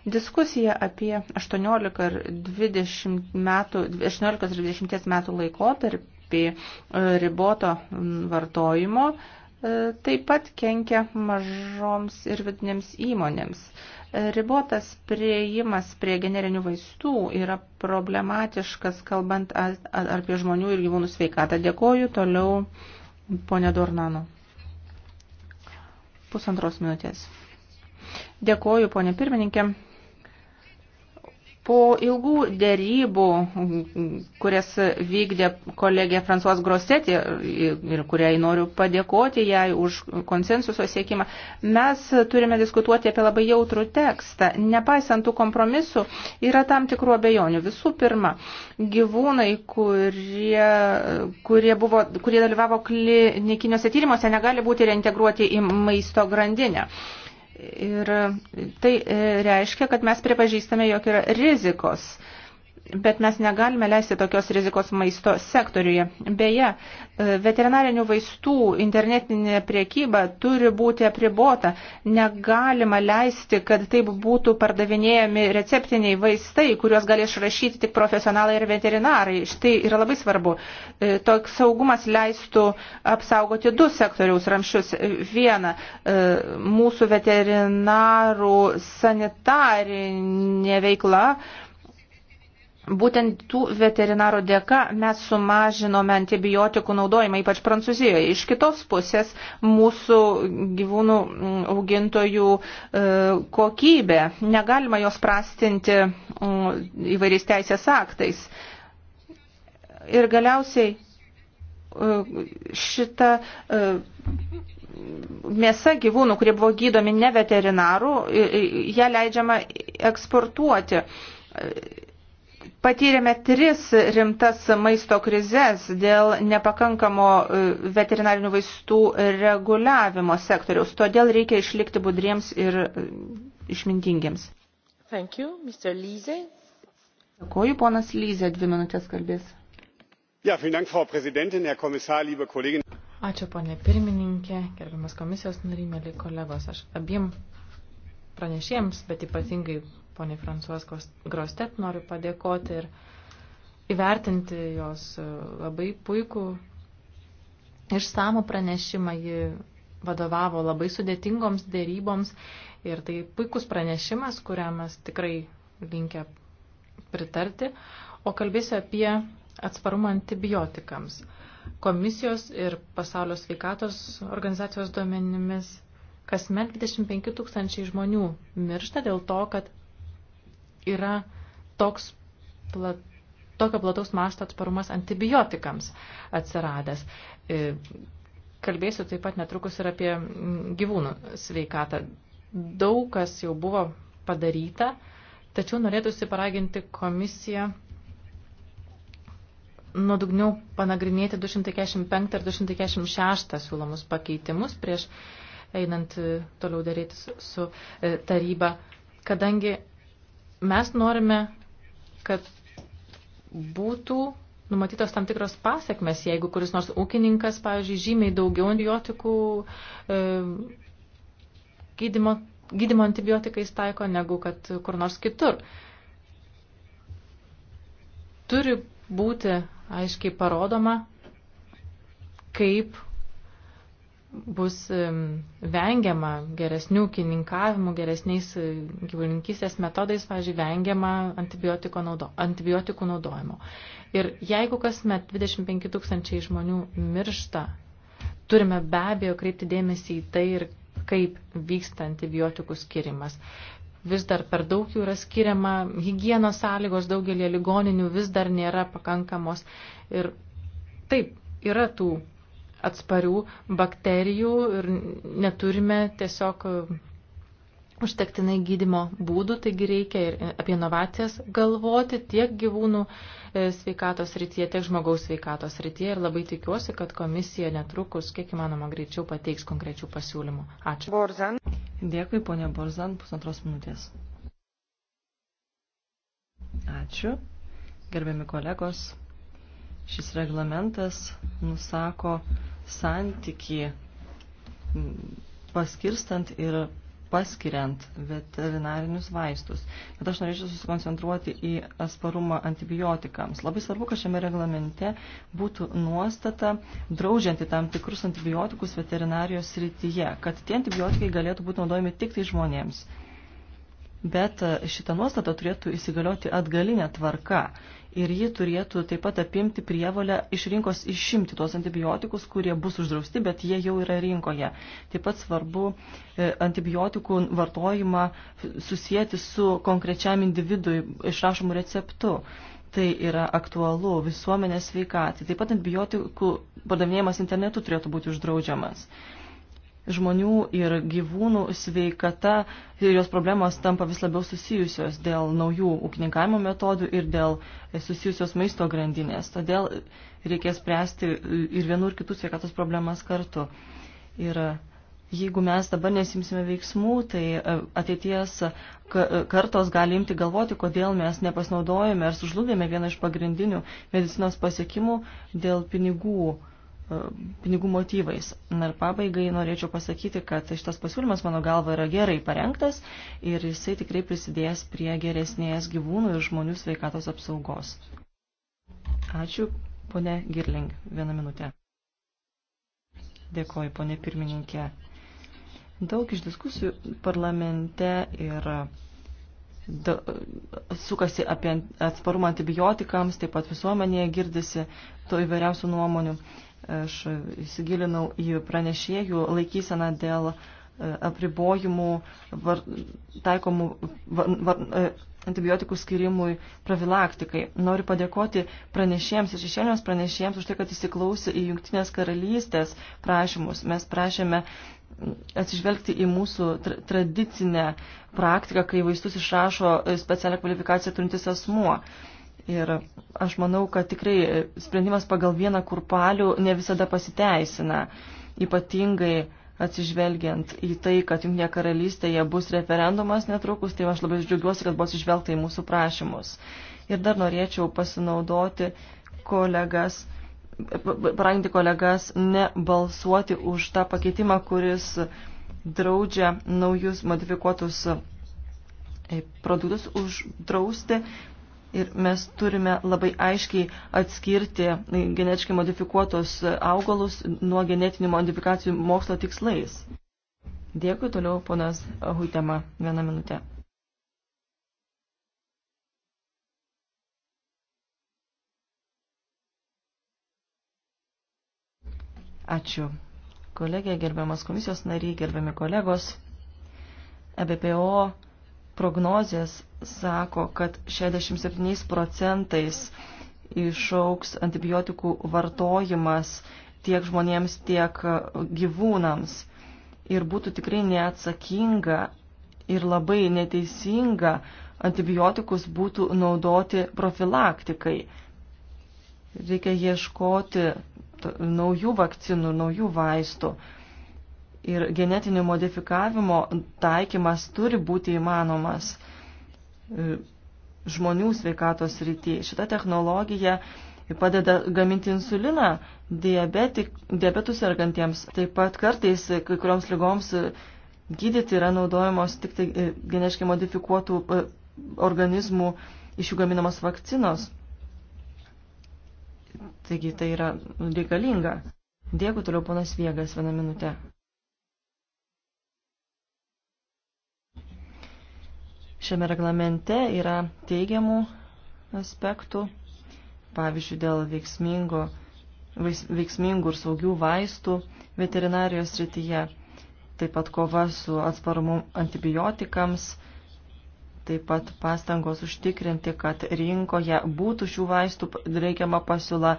Diskusija apie 18 ir 20 metų, 18 ir 20 metų laikotarpį e, riboto vartojimo e, taip pat kenkia mažoms ir vidinėms įmonėms. E, ribotas prieimas prie generinių vaistų yra problematiškas, kalbant apie žmonių ir gyvūnų sveikatą. Dėkoju toliau, ponė Dornano. Pusantros minutės. Dėkoju, ponė pirmininkė. Po ilgų dėrybų, kurias vykdė kolegė Fransuos Grosetė ir kuriai noriu padėkoti jai už konsensuso siekimą, mes turime diskutuoti apie labai jautrų tekstą. Nepaisant tų kompromisų, yra tam tikrų abejonių. Visų pirma, gyvūnai, kurie, kurie, buvo, kurie dalyvavo klinikiniuose tyrimuose, negali būti reintegruoti į maisto grandinę. Ir tai e, reiškia, kad mes pripažįstame, jog yra rizikos bet mes negalime leisti tokios rizikos maisto sektoriuje. Beje, e, veterinarinių vaistų internetinė priekyba turi būti apribota. Negalima leisti, kad taip būtų pardavinėjami receptiniai vaistai, kuriuos gali išrašyti tik profesionalai ir veterinarai. Štai yra labai svarbu. E, toks saugumas leistų apsaugoti du sektoriaus ramšius. Viena, e, mūsų veterinarų sanitarinė veikla Būtent tų veterinarų dėka mes sumažinome antibiotikų naudojimą, ypač Prancūzijoje. Iš kitos pusės mūsų gyvūnų mm, augintojų e, kokybė. Negalima jos prastinti mm, įvairiais teisės aktais. Ir galiausiai e, šita e, mėsa gyvūnų, kurie buvo gydomi ne veterinarų, ją leidžiama eksportuoti Patyrėme tris rimtas maisto krizės dėl nepakankamo e, veterinarinių vaistų reguliavimo sektoriaus. Todėl reikia išlikti budriems ir e, išmintingiems. Thank you, Mr. Lyze. Dėkoju, ponas Lyze, dvi minutės kalbės. Ja, Dank, Frau Präsidentin, Herr Kommissar, liebe Kolleginnen. Ačiū, ponė pirmininkė, gerbiamas komisijos nariai, mėly kolegos. Aš abiem pranešėjams, bet ypatingai poniai Fransuos Grostet noriu padėkoti ir įvertinti jos e, labai puikų išsamų pranešimą. Ji vadovavo labai sudėtingoms dėryboms ir tai puikus pranešimas, kuriam mes tikrai linkę pritarti. O kalbėsiu apie atsparumą antibiotikams. Komisijos ir pasaulio sveikatos organizacijos duomenimis kasmet 25 tūkstančiai žmonių miršta dėl to, kad yra toks plat, tokio plataus mašto atsparumas antibiotikams atsiradęs. E, kalbėsiu taip pat netrukus ir apie mm, gyvūnų sveikatą. Daug kas jau buvo padaryta, tačiau norėtųsi paraginti komisiją nuodugniau panagrinėti 245 ir 246 siūlomus pakeitimus prieš einant e, toliau darytis su e, taryba, kadangi Mes norime, kad būtų numatytos tam tikros pasiekmes, jeigu kuris nors ūkininkas, pavyzdžiui, žymiai daugiau antibiotikų e, gydimo, gydimo antibiotikais taiko, negu kad kur nors kitur. Turi būti aiškiai parodoma, kaip bus vengiama geresnių kininkavimų, geresniais e, gyvulininkystės metodais, pavyzdžiui, vengiama naudo, antibiotikų naudojimo. Ir jeigu kasmet 25 tūkstančiai žmonių miršta, turime be abejo kreipti dėmesį į tai ir kaip vyksta antibiotikų skirimas. Vis dar per daug jų yra skiriama, hygienos sąlygos daugelį ligoninių vis dar nėra pakankamos. Ir taip, yra tų atsparių bakterijų ir neturime tiesiog e, užtektinai gydimo būdų, taigi reikia ir apie inovacijas galvoti tiek gyvūnų e, sveikatos rytyje, tiek žmogaus sveikatos rytyje ir labai tikiuosi, kad komisija netrukus, kiek įmanoma greičiau, pateiks konkrečių pasiūlymų. Ačiū. Borzan. Dėkui, ponė Borzan, pusantros minutės. Ačiū. Gerbiami kolegos, Šis reglamentas nusako santyki paskirstant ir paskiriant veterinarinius vaistus. Bet aš norėčiau susikoncentruoti į atsparumą antibiotikams. Labai svarbu, kad šiame reglamente būtų nuostata draudžianti tam tikrus antibiotikus veterinarijos srityje, kad tie antibiotikai galėtų būti naudojami tik tai žmonėms bet e, šitą nuostatą turėtų įsigalioti atgalinę tvarką ir ji turėtų taip pat apimti prievalę iš rinkos išimti tuos antibiotikus, kurie bus uždrausti, bet jie jau yra rinkoje. Taip pat svarbu e, antibiotikų vartojimą susijęti su konkrečiam individui išrašomu receptu. Tai yra aktualu visuomenės sveikatai. Taip pat antibiotikų pardavinėjimas internetu turėtų būti uždraudžiamas žmonių ir gyvūnų sveikata ir jos problemos tampa vis labiau susijusios dėl naujų ūkininkavimo metodų ir dėl susijusios maisto grandinės. Todėl reikės spręsti ir vienų ir kitų sveikatos problemas kartu. Ir jeigu mes dabar nesimsime veiksmų, tai e, ateities e, kartos gali imti galvoti, kodėl mes nepasinaudojame ar sužlugdėme vieną iš pagrindinių medicinos pasiekimų dėl pinigų E, pinigų motyvais. Na ir pabaigai norėčiau pasakyti, kad šitas pasiūlymas mano galva yra gerai parengtas ir jisai tikrai prisidės prie geresnės gyvūnų ir žmonių sveikatos apsaugos. Ačiū, ponė Girling. Vieną minutę. Dėkoju, ponė pirmininkė. Daug iš diskusijų parlamente ir e, da, sukasi apie atsparumą antibiotikams, taip pat visuomenėje girdisi to įvairiausių nuomonių. Aš įsigilinau į pranešėjų laikyseną dėl e, apribojimų var, taikomų var, var, e, antibiotikų skirimui profilaktikai. Noriu padėkoti pranešėjams ir šešėliams pranešėjams už tai, kad įsiklausė į Junktinės karalystės prašymus. Mes prašėme atsižvelgti į mūsų tra tradicinę praktiką, kai vaistus išrašo specialią kvalifikaciją turintis asmuo. Uh, Ir aš manau, kad tikrai sprendimas pagal vieną kurpalių ne visada pasiteisina, ypatingai atsižvelgiant į tai, kad Junktinė karalystėje bus referendumas netrukus, tai aš labai džiaugiuosi, kad bus išvelgta į mūsų prašymus. Ir dar norėčiau pasinaudoti kolegas, paranginti kolegas nebalsuoti už tą pakeitimą, kuris draudžia naujus modifikuotus e, produktus uždrausti Ir mes turime labai aiškiai atskirti genetiškai modifikuotos augalus nuo genetinių modifikacijų mokslo tikslais. Dėkui toliau, ponas Huitema, vieną minutę. Ačiū. Kolegė, gerbiamas komisijos nariai, gerbiami kolegos, EBPO prognozės sako, kad 67 procentais išauks antibiotikų vartojimas tiek žmonėms, tiek gyvūnams. Ir būtų tikrai neatsakinga ir labai neteisinga antibiotikus būtų naudoti profilaktikai. Reikia ieškoti naujų vakcinų, naujų vaistų. Ir genetinio modifikavimo taikymas turi būti įmanomas E, žmonių sveikatos rytyje. Šita technologija padeda gaminti insuliną diabetik, diabetus sergantiems. Taip pat kartais kai kurioms lygoms e, gydyti yra naudojamos tik tai e, geneškai modifikuotų organizmų iš jų gaminamos vakcinos. Taigi tai yra reikalinga. Dėkui toliau ponas Viegas vieną minutę. Šiame reglamente yra teigiamų aspektų, pavyzdžiui, dėl veiksmingo, veiksmingų ir saugių vaistų veterinarijos srityje, taip pat kova su atsparumu antibiotikams, taip pat pastangos užtikrinti, kad rinkoje būtų šių vaistų reikiama pasiūla,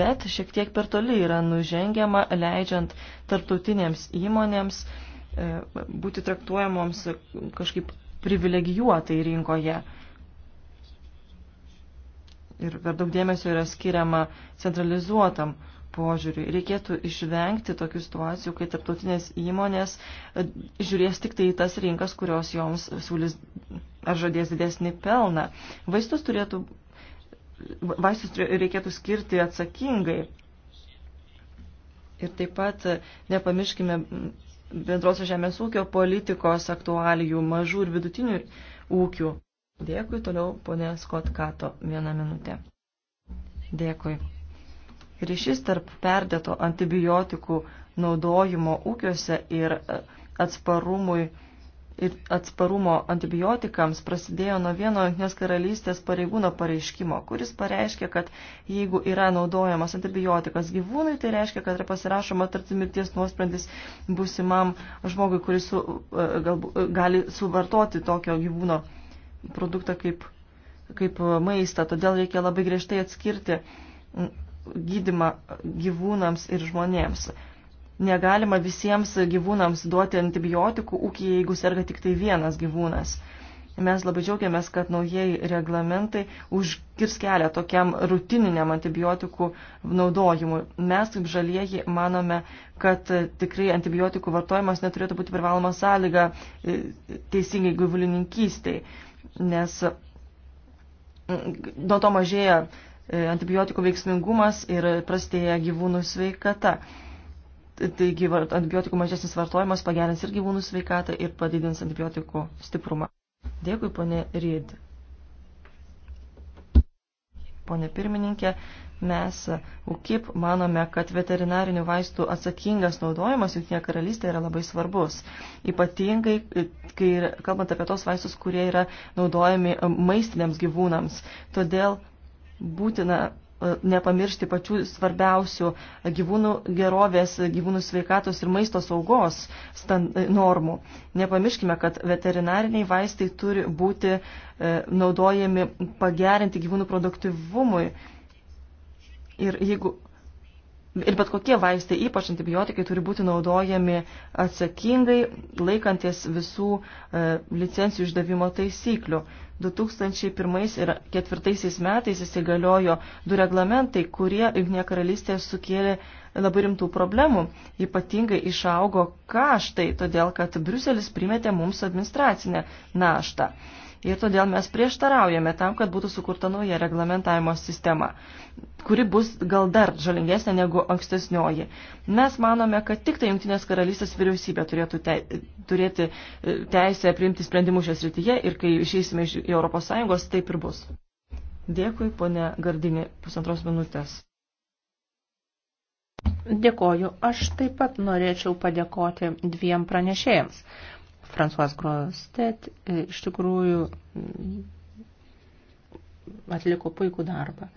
bet šiek tiek per toli yra nužengiama, leidžiant tarptautinėms įmonėms e, būti traktuojamoms kažkaip privilegijuotai rinkoje. Ir per daug dėmesio yra skiriama centralizuotam požiūriui. Reikėtų išvengti tokių situacijų, kai tarptautinės įmonės e, žiūrės tik tai tas rinkas, kurios joms siūlys ar žadės didesnį pelną. Vaistus turėtų, vaistus reikėtų skirti atsakingai. Ir taip pat e, nepamirškime bendrosios žemės ūkio politikos aktualijų mažų ir vidutinių ūkių. Dėkui, toliau ponė Skotkato vieną minutę. Dėkui. Ryšys tarp perdėto antibiotikų naudojimo ūkiuose ir e, atsparumui atsparumo antibiotikams prasidėjo nuo vieno Junktinės karalystės pareigūno pareiškimo, kuris pareiškė, kad jeigu yra naudojamas antibiotikas gyvūnui, tai reiškia, kad yra pasirašoma tarsi mirties nuosprendis būsimam žmogui, kuris su, e, galbu, e, gali suvartoti tokio gyvūno produktą kaip, kaip maistą. Todėl reikia labai griežtai atskirti gydimą gyvūnams ir žmonėms. Negalima visiems gyvūnams duoti antibiotikų ūkiai, jeigu serga tik tai vienas gyvūnas. Mes labai džiaugiamės, kad naujieji reglamentai užkirs kelią tokiam rutininiam antibiotikų naudojimui. Mes kaip žalieji manome, kad tikrai antibiotikų vartojimas neturėtų būti privaloma sąlyga e, teisingai gyvulininkystai, nes mm, nuo to mažėja e, antibiotikų veiksmingumas ir prastėja gyvūnų sveikata. Taigi antibiotikų mažesnis vartojimas pagerins ir gyvūnų sveikatą ir padidins antibiotikų stiprumą. Dėkui, ponė Ryd. Pone pirmininkė, mes UKIP manome, kad veterinarinių vaistų atsakingas naudojimas Junktinėje karalystėje yra labai svarbus. Ypatingai, kai kalbant apie tos vaistus, kurie yra naudojami maistiniams gyvūnams. Todėl būtina E, nepamiršti pačių svarbiausių gyvūnų gerovės, gyvūnų sveikatos ir maisto saugos stand, e, normų. Nepamirškime, kad veterinariniai vaistai turi būti e, naudojami pagerinti gyvūnų produktivumui. Ir jeigu ir bet kokie vaistai, ypač antibiotikai, turi būti naudojami atsakingai, laikantis visų e, licencijų išdavimo taisyklių. 2001 ir 2004 metais įsigaliojo du reglamentai, kurie Junktinė karalystė sukėlė labai rimtų problemų. Ypatingai išaugo kaštai, todėl kad Bruselis primetė mums administracinę naštą. Na, Ir todėl mes prieštaraujame tam, kad būtų sukurta nauja reglamentavimo sistema, kuri bus gal dar žalingesnė negu ankstesnioji. Mes manome, kad tik tai Junktinės karalystės vyriausybė turėtų te, turėti e, teisę priimti sprendimus šios rytyje ir kai išeisime iš ES, taip ir bus. Dėkui, ponė Gardinė, pusantros minutės. Dėkoju. Aš taip pat norėčiau padėkoti dviem pranešėjams. Fransuas Grostet e, iš tikrųjų atliko puikų darbą.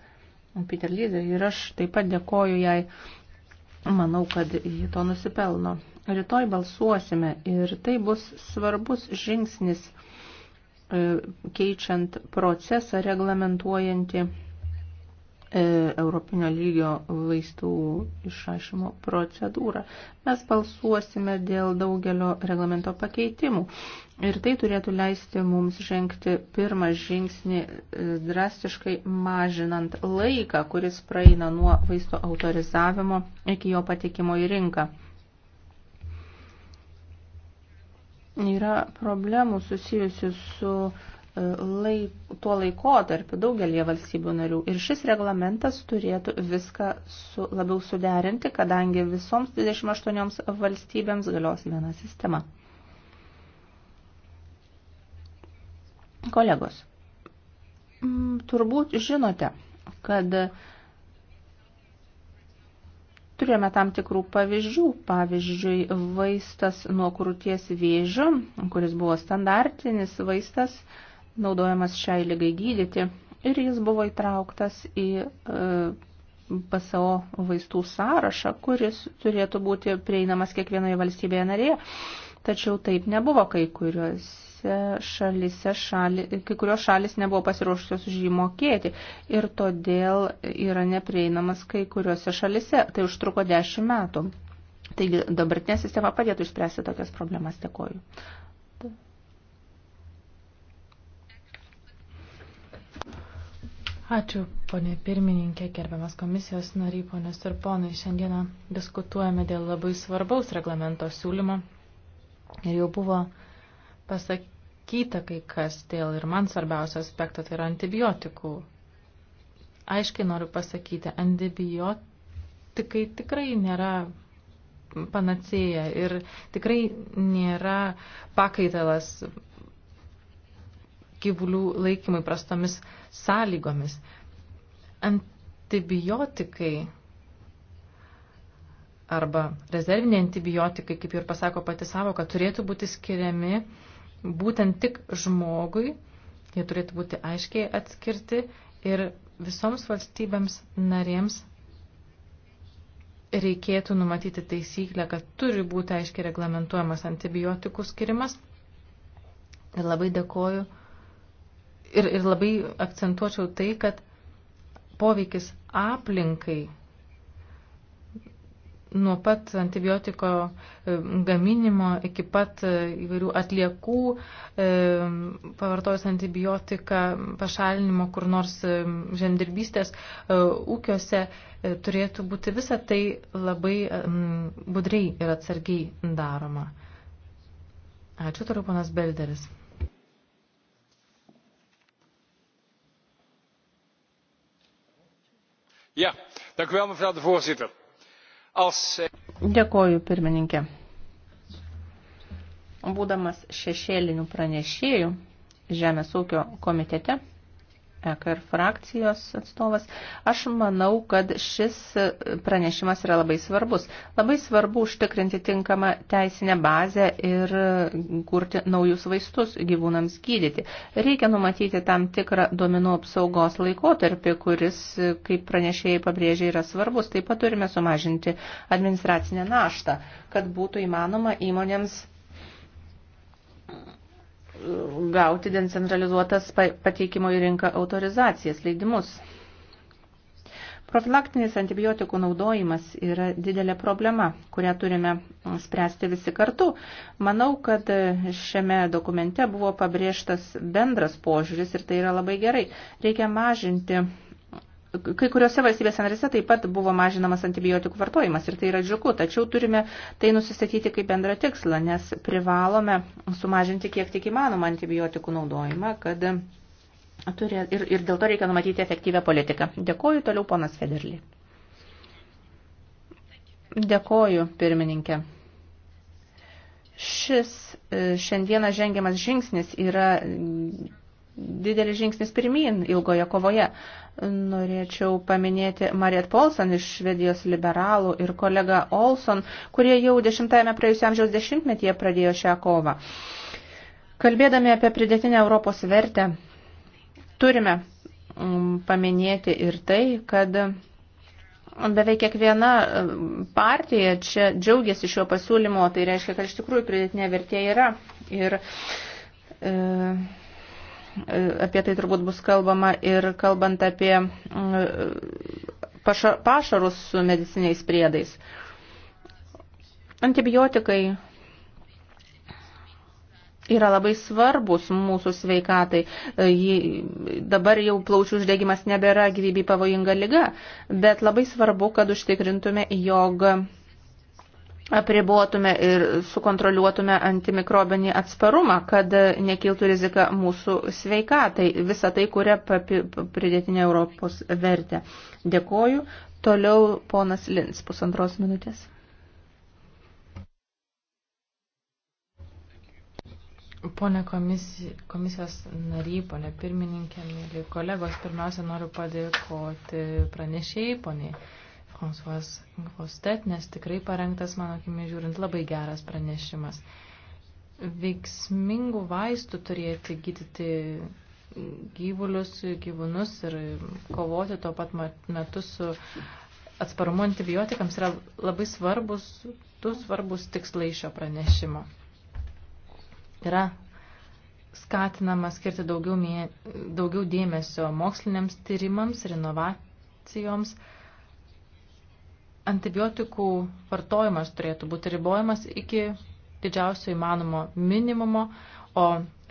Peter Lyze ir aš taip pat dėkoju jai, manau, kad ji to nusipelno. Rytoj balsuosime ir tai bus svarbus žingsnis e, keičiant procesą reglamentuojantį E, Europinio lygio vaistų išrašymo procedūrą. Mes balsuosime dėl daugelio reglamento pakeitimų ir tai turėtų leisti mums žengti pirmą žingsnį e, drastiškai mažinant laiką, kuris praeina nuo vaisto autorizavimo iki jo patikimo į rinką. Yra problemų susijusių su laik, tuo laikotarpiu daugelie valstybių narių. Ir šis reglamentas turėtų viską su, labiau suderinti, kadangi visoms 28 valstybėms galios viena sistema. Kolegos, mm, turbūt žinote, kad turėjome tam tikrų pavyzdžių. Pavyzdžiui, vaistas nuo krūties vėžio, kuris buvo standartinis vaistas, uh, naudojamas šiai lygai gydyti ir jis buvo įtrauktas į e, PSO vaistų sąrašą, kuris turėtų būti prieinamas kiekvienoje valstybėje narėje. Tačiau taip nebuvo kai kuriuose šalise, šali, kai kurios šalis nebuvo pasiruošusios už jį mokėti ir todėl yra neprieinamas kai kuriuose šalise. Tai užtruko dešimt metų. Taigi dabartinė sistema padėtų išspręsti tokias problemas. Dėkoju. Ačiū, ponė pirmininkė, gerbiamas komisijos nariai, ponės ir ponai. Šiandieną diskutuojame dėl labai svarbaus reglamento siūlymo. Ir jau buvo pasakyta kai kas dėl ir man svarbiausio aspekto, tai yra antibiotikų. Aiškiai noriu pasakyti, antibiotikai tikrai nėra panacėja ir tikrai nėra pakaitalas gyvulių laikymui prastomis sąlygomis. Antibiotikai arba rezerviniai antibiotikai, kaip ir pasako pati savo, kad turėtų būti skiriami būtent tik žmogui, jie turėtų būti aiškiai atskirti ir visoms valstybėms narėms reikėtų numatyti taisyklę, kad turi būti aiškiai reglamentuojamas antibiotikų skirimas. Ir labai dėkoju ir, ir labai akcentuočiau tai, kad poveikis aplinkai nuo pat antibiotiko e, gaminimo iki pat e, įvairių atliekų, e, pavartojus antibiotiką, pašalinimo kur nors žemdirbystės ūkiuose, turėtų būti visa tai labai budriai ir atsargiai daroma. Ačiū, turiu ponas Belderis. voorzitter als. Eh, dėkoju pirmininke būdamas šešėliniu pranešėju žemės ūkio komitete EKR frakcijos atstovas. Aš manau, kad šis pranešimas yra labai svarbus. Labai svarbu užtikrinti tinkamą teisinę bazę ir kurti naujus vaistus gyvūnams gydyti. Reikia numatyti tam tikrą duomenų apsaugos laikotarpį, kuris, kaip pranešėjai pabrėžė, yra svarbus. Taip pat turime sumažinti administracinę naštą, kad būtų įmanoma įmonėms gauti decentralizuotas pateikimo į rinką autorizacijas, leidimus. Profilaktinis antibiotikų naudojimas yra didelė problema, kurią turime spręsti visi kartu. Manau, kad šiame dokumente buvo pabrėžtas bendras požiūris ir tai yra labai gerai. Reikia mažinti Kai kuriuose valstybės narėse taip pat buvo mažinamas antibiotikų vartojimas ir tai yra džiugu, tačiau turime tai nusistatyti kaip bendrą tikslą, nes privalome sumažinti kiek tik įmanoma antibiotikų naudojimą, kad turė, ir, ir dėl to reikia numatyti efektyvę politiką. Dėkoju toliau ponas Federli. Dėkoju, pirmininkė. Šis e, šiandieną žengiamas žingsnis yra didelis žingsnis pirmin ilgoje kovoje. Norėčiau paminėti Mariet Polson iš Švedijos liberalų ir kolega Olson, kurie jau dešimtajame praėjusio amžiaus dešimtmetyje pradėjo šią kovą. Kalbėdami apie pridėtinę Europos vertę, turime mm, paminėti ir tai, kad beveik kiekviena mm, partija čia džiaugiasi šiuo pasiūlymu, tai reiškia, kad iš tikrųjų pridėtinė vertė yra. Ir, e, apie tai turbūt bus kalbama ir kalbant apie mm, pašarus su mediciniais priedais. Antibiotikai yra labai svarbus mūsų sveikatai. Dabar jau plaučių uždegimas nebėra gyvybį pavojinga lyga, bet labai svarbu, kad užtikrintume, jog apribotume ir sukontroliuotume antimikrobinį atsparumą, kad nekiltų rizika mūsų sveikatai. Visą tai kuria pridėtinė Europos vertė. Dėkoju. Toliau ponas Lins, pusantros minutės. Pone komisijos, komisijos nary, pone pirmininkė, mėly kolegos, pirmiausia noriu padėkoti pranešėjai, poniai Konsuos Kvostet, nes tikrai parengtas, mano akimi žiūrint, labai geras pranešimas. Veiksmingų vaistų turėti gydyti gyvulius, gyvūnus ir kovoti tuo pat metu su atsparumu antibiotikams yra labai svarbus, du svarbus tikslai šio pranešimo. Yra skatinama skirti daugiau, mė, daugiau dėmesio moksliniams tyrimams ir inovacijoms Antibiotikų vartojimas turėtų būti ribojamas iki didžiausio įmanomo minimumo, o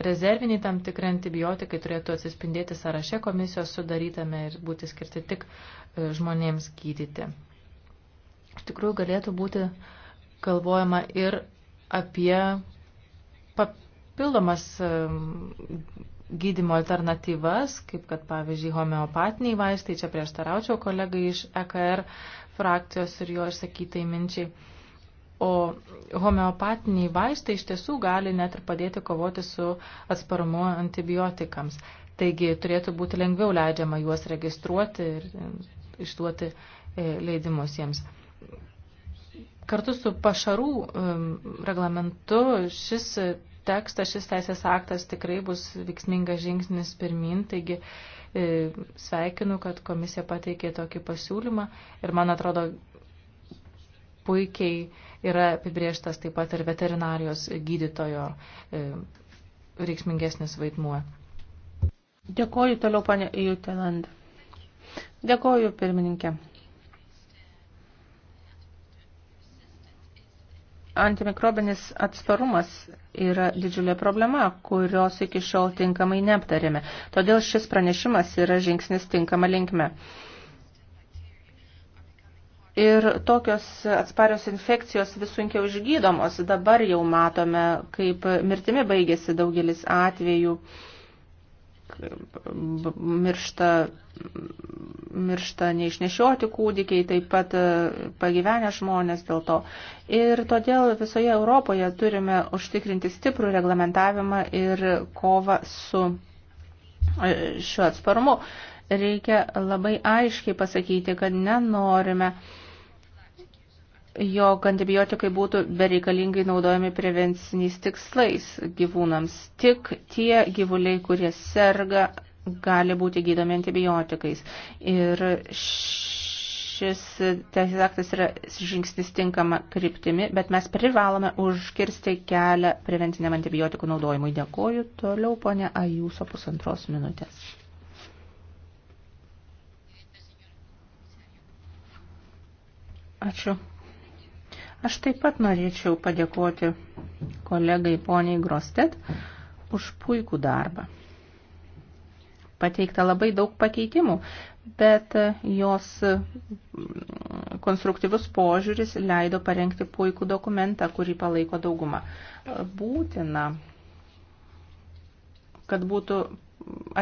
rezerviniai tam tikri antibiotikai turėtų atsispindėti sąraše komisijos sudarytame ir būti skirti tik e, žmonėms gydyti. Iš tikrųjų galėtų būti galvojama ir apie papildomas e, gydimo alternatyvas, kaip kad pavyzdžiui homeopatiniai vaistai, čia prieštaraučiau kolegai iš EKR, frakcijos ir jo išsakytai minčiai. O homeopatiniai vaistai iš tiesų gali net ir padėti kovoti su atsparumu antibiotikams. Taigi turėtų būti lengviau leidžiama juos registruoti ir e, išduoti e, leidimus jiems. Kartu su pašarų e, reglamentu šis tekstas, šis teisės aktas tikrai bus veiksmingas žingsnis pirmin, taigi uh, E, sveikinu, kad komisija pateikė tokį pasiūlymą ir man atrodo puikiai yra apibrieštas taip pat ir veterinarijos gydytojo e, reikšmingesnis vaidmuo. Dėkoju toliau, panė Juteland. Dėkoju, pirmininkė. antimikrobinis atsparumas yra didžiulė problema, kurios iki šiol tinkamai neaptarėme. Todėl šis pranešimas yra žingsnis tinkama linkme. Ir tokios atsparios infekcijos vis sunkiau išgydomos. Dabar jau matome, kaip mirtimi baigėsi daugelis atvejų miršta, miršta neišnešioti kūdikiai, taip pat e, pagyvenę žmonės dėl to. Ir todėl visoje Europoje turime užtikrinti stiprų reglamentavimą ir kovą su e, šiuo atsparumu. Reikia labai aiškiai pasakyti, kad nenorime uh, jog antibiotikai būtų bereikalingai naudojami prevenciniais tikslais gyvūnams. Tik tie gyvuliai, kurie serga, gali būti gydomi antibiotikais. Ir šis teisės aktas yra žingsnis tinkama kryptimi, bet mes privalome užkirsti kelią prevenciniam antibiotikų naudojimui. Dėkoju. Toliau, ponė Ajūso, pusantros minutės. Ačiū. Aš taip pat norėčiau padėkoti kolegai poniai Grostet už puikų darbą. Pateikta labai daug pakeitimų, bet jos konstruktyvus požiūris leido parengti puikų dokumentą, kurį palaiko dauguma. Būtina, kad būtų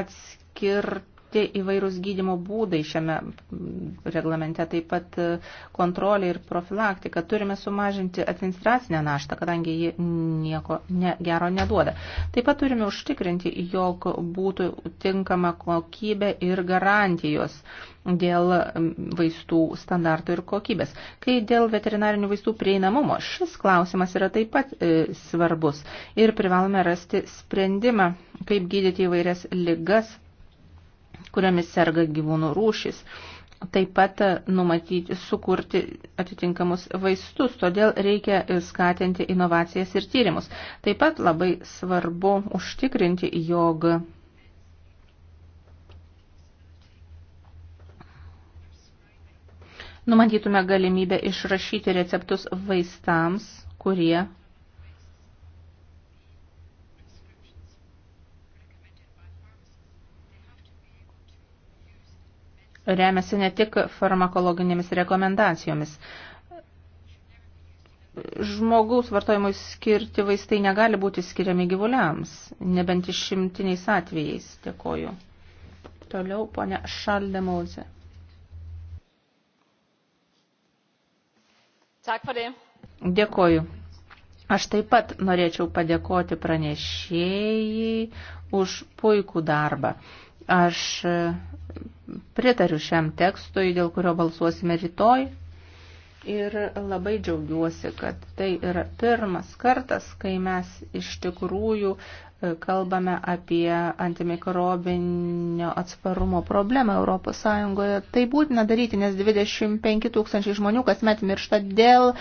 atskirti tie įvairūs gydimo būdai šiame reglamente, taip pat e, kontrolė ir profilaktika. Turime sumažinti administracinę naštą, kadangi ji nieko ne, gero neduoda. Taip pat turime užtikrinti, jog būtų tinkama kokybė ir garantijos dėl vaistų standartų ir kokybės. Kai dėl veterinarinių vaistų prieinamumo, šis klausimas yra taip pat e, svarbus ir privalome rasti sprendimą, kaip gydyti įvairias ligas kuriamis serga gyvūnų rūšis. Taip pat e, numatyti, sukurti atitinkamus vaistus, todėl reikia e, skatinti inovacijas ir tyrimus. Taip pat labai svarbu užtikrinti, jog numatytume galimybę išrašyti receptus vaistams, kurie remiasi ne tik farmakologinėmis rekomendacijomis. Žmogaus vartojimui skirti vaistai negali būti skiriami gyvuliams, nebent išimtiniais atvejais. Dėkoju. Toliau ponia Šaldemoze. Dėkoju. Aš taip pat norėčiau padėkoti pranešėjai už puikų darbą. Aš e, pritariu šiam tekstui, dėl kurio balsuosime rytoj. Ir labai džiaugiuosi, kad tai yra pirmas kartas, kai mes iš tikrųjų e, kalbame apie antimikrobinio atsparumo problemą ES. Tai būtina daryti, nes 25 tūkstančiai žmonių kasmet miršta dėl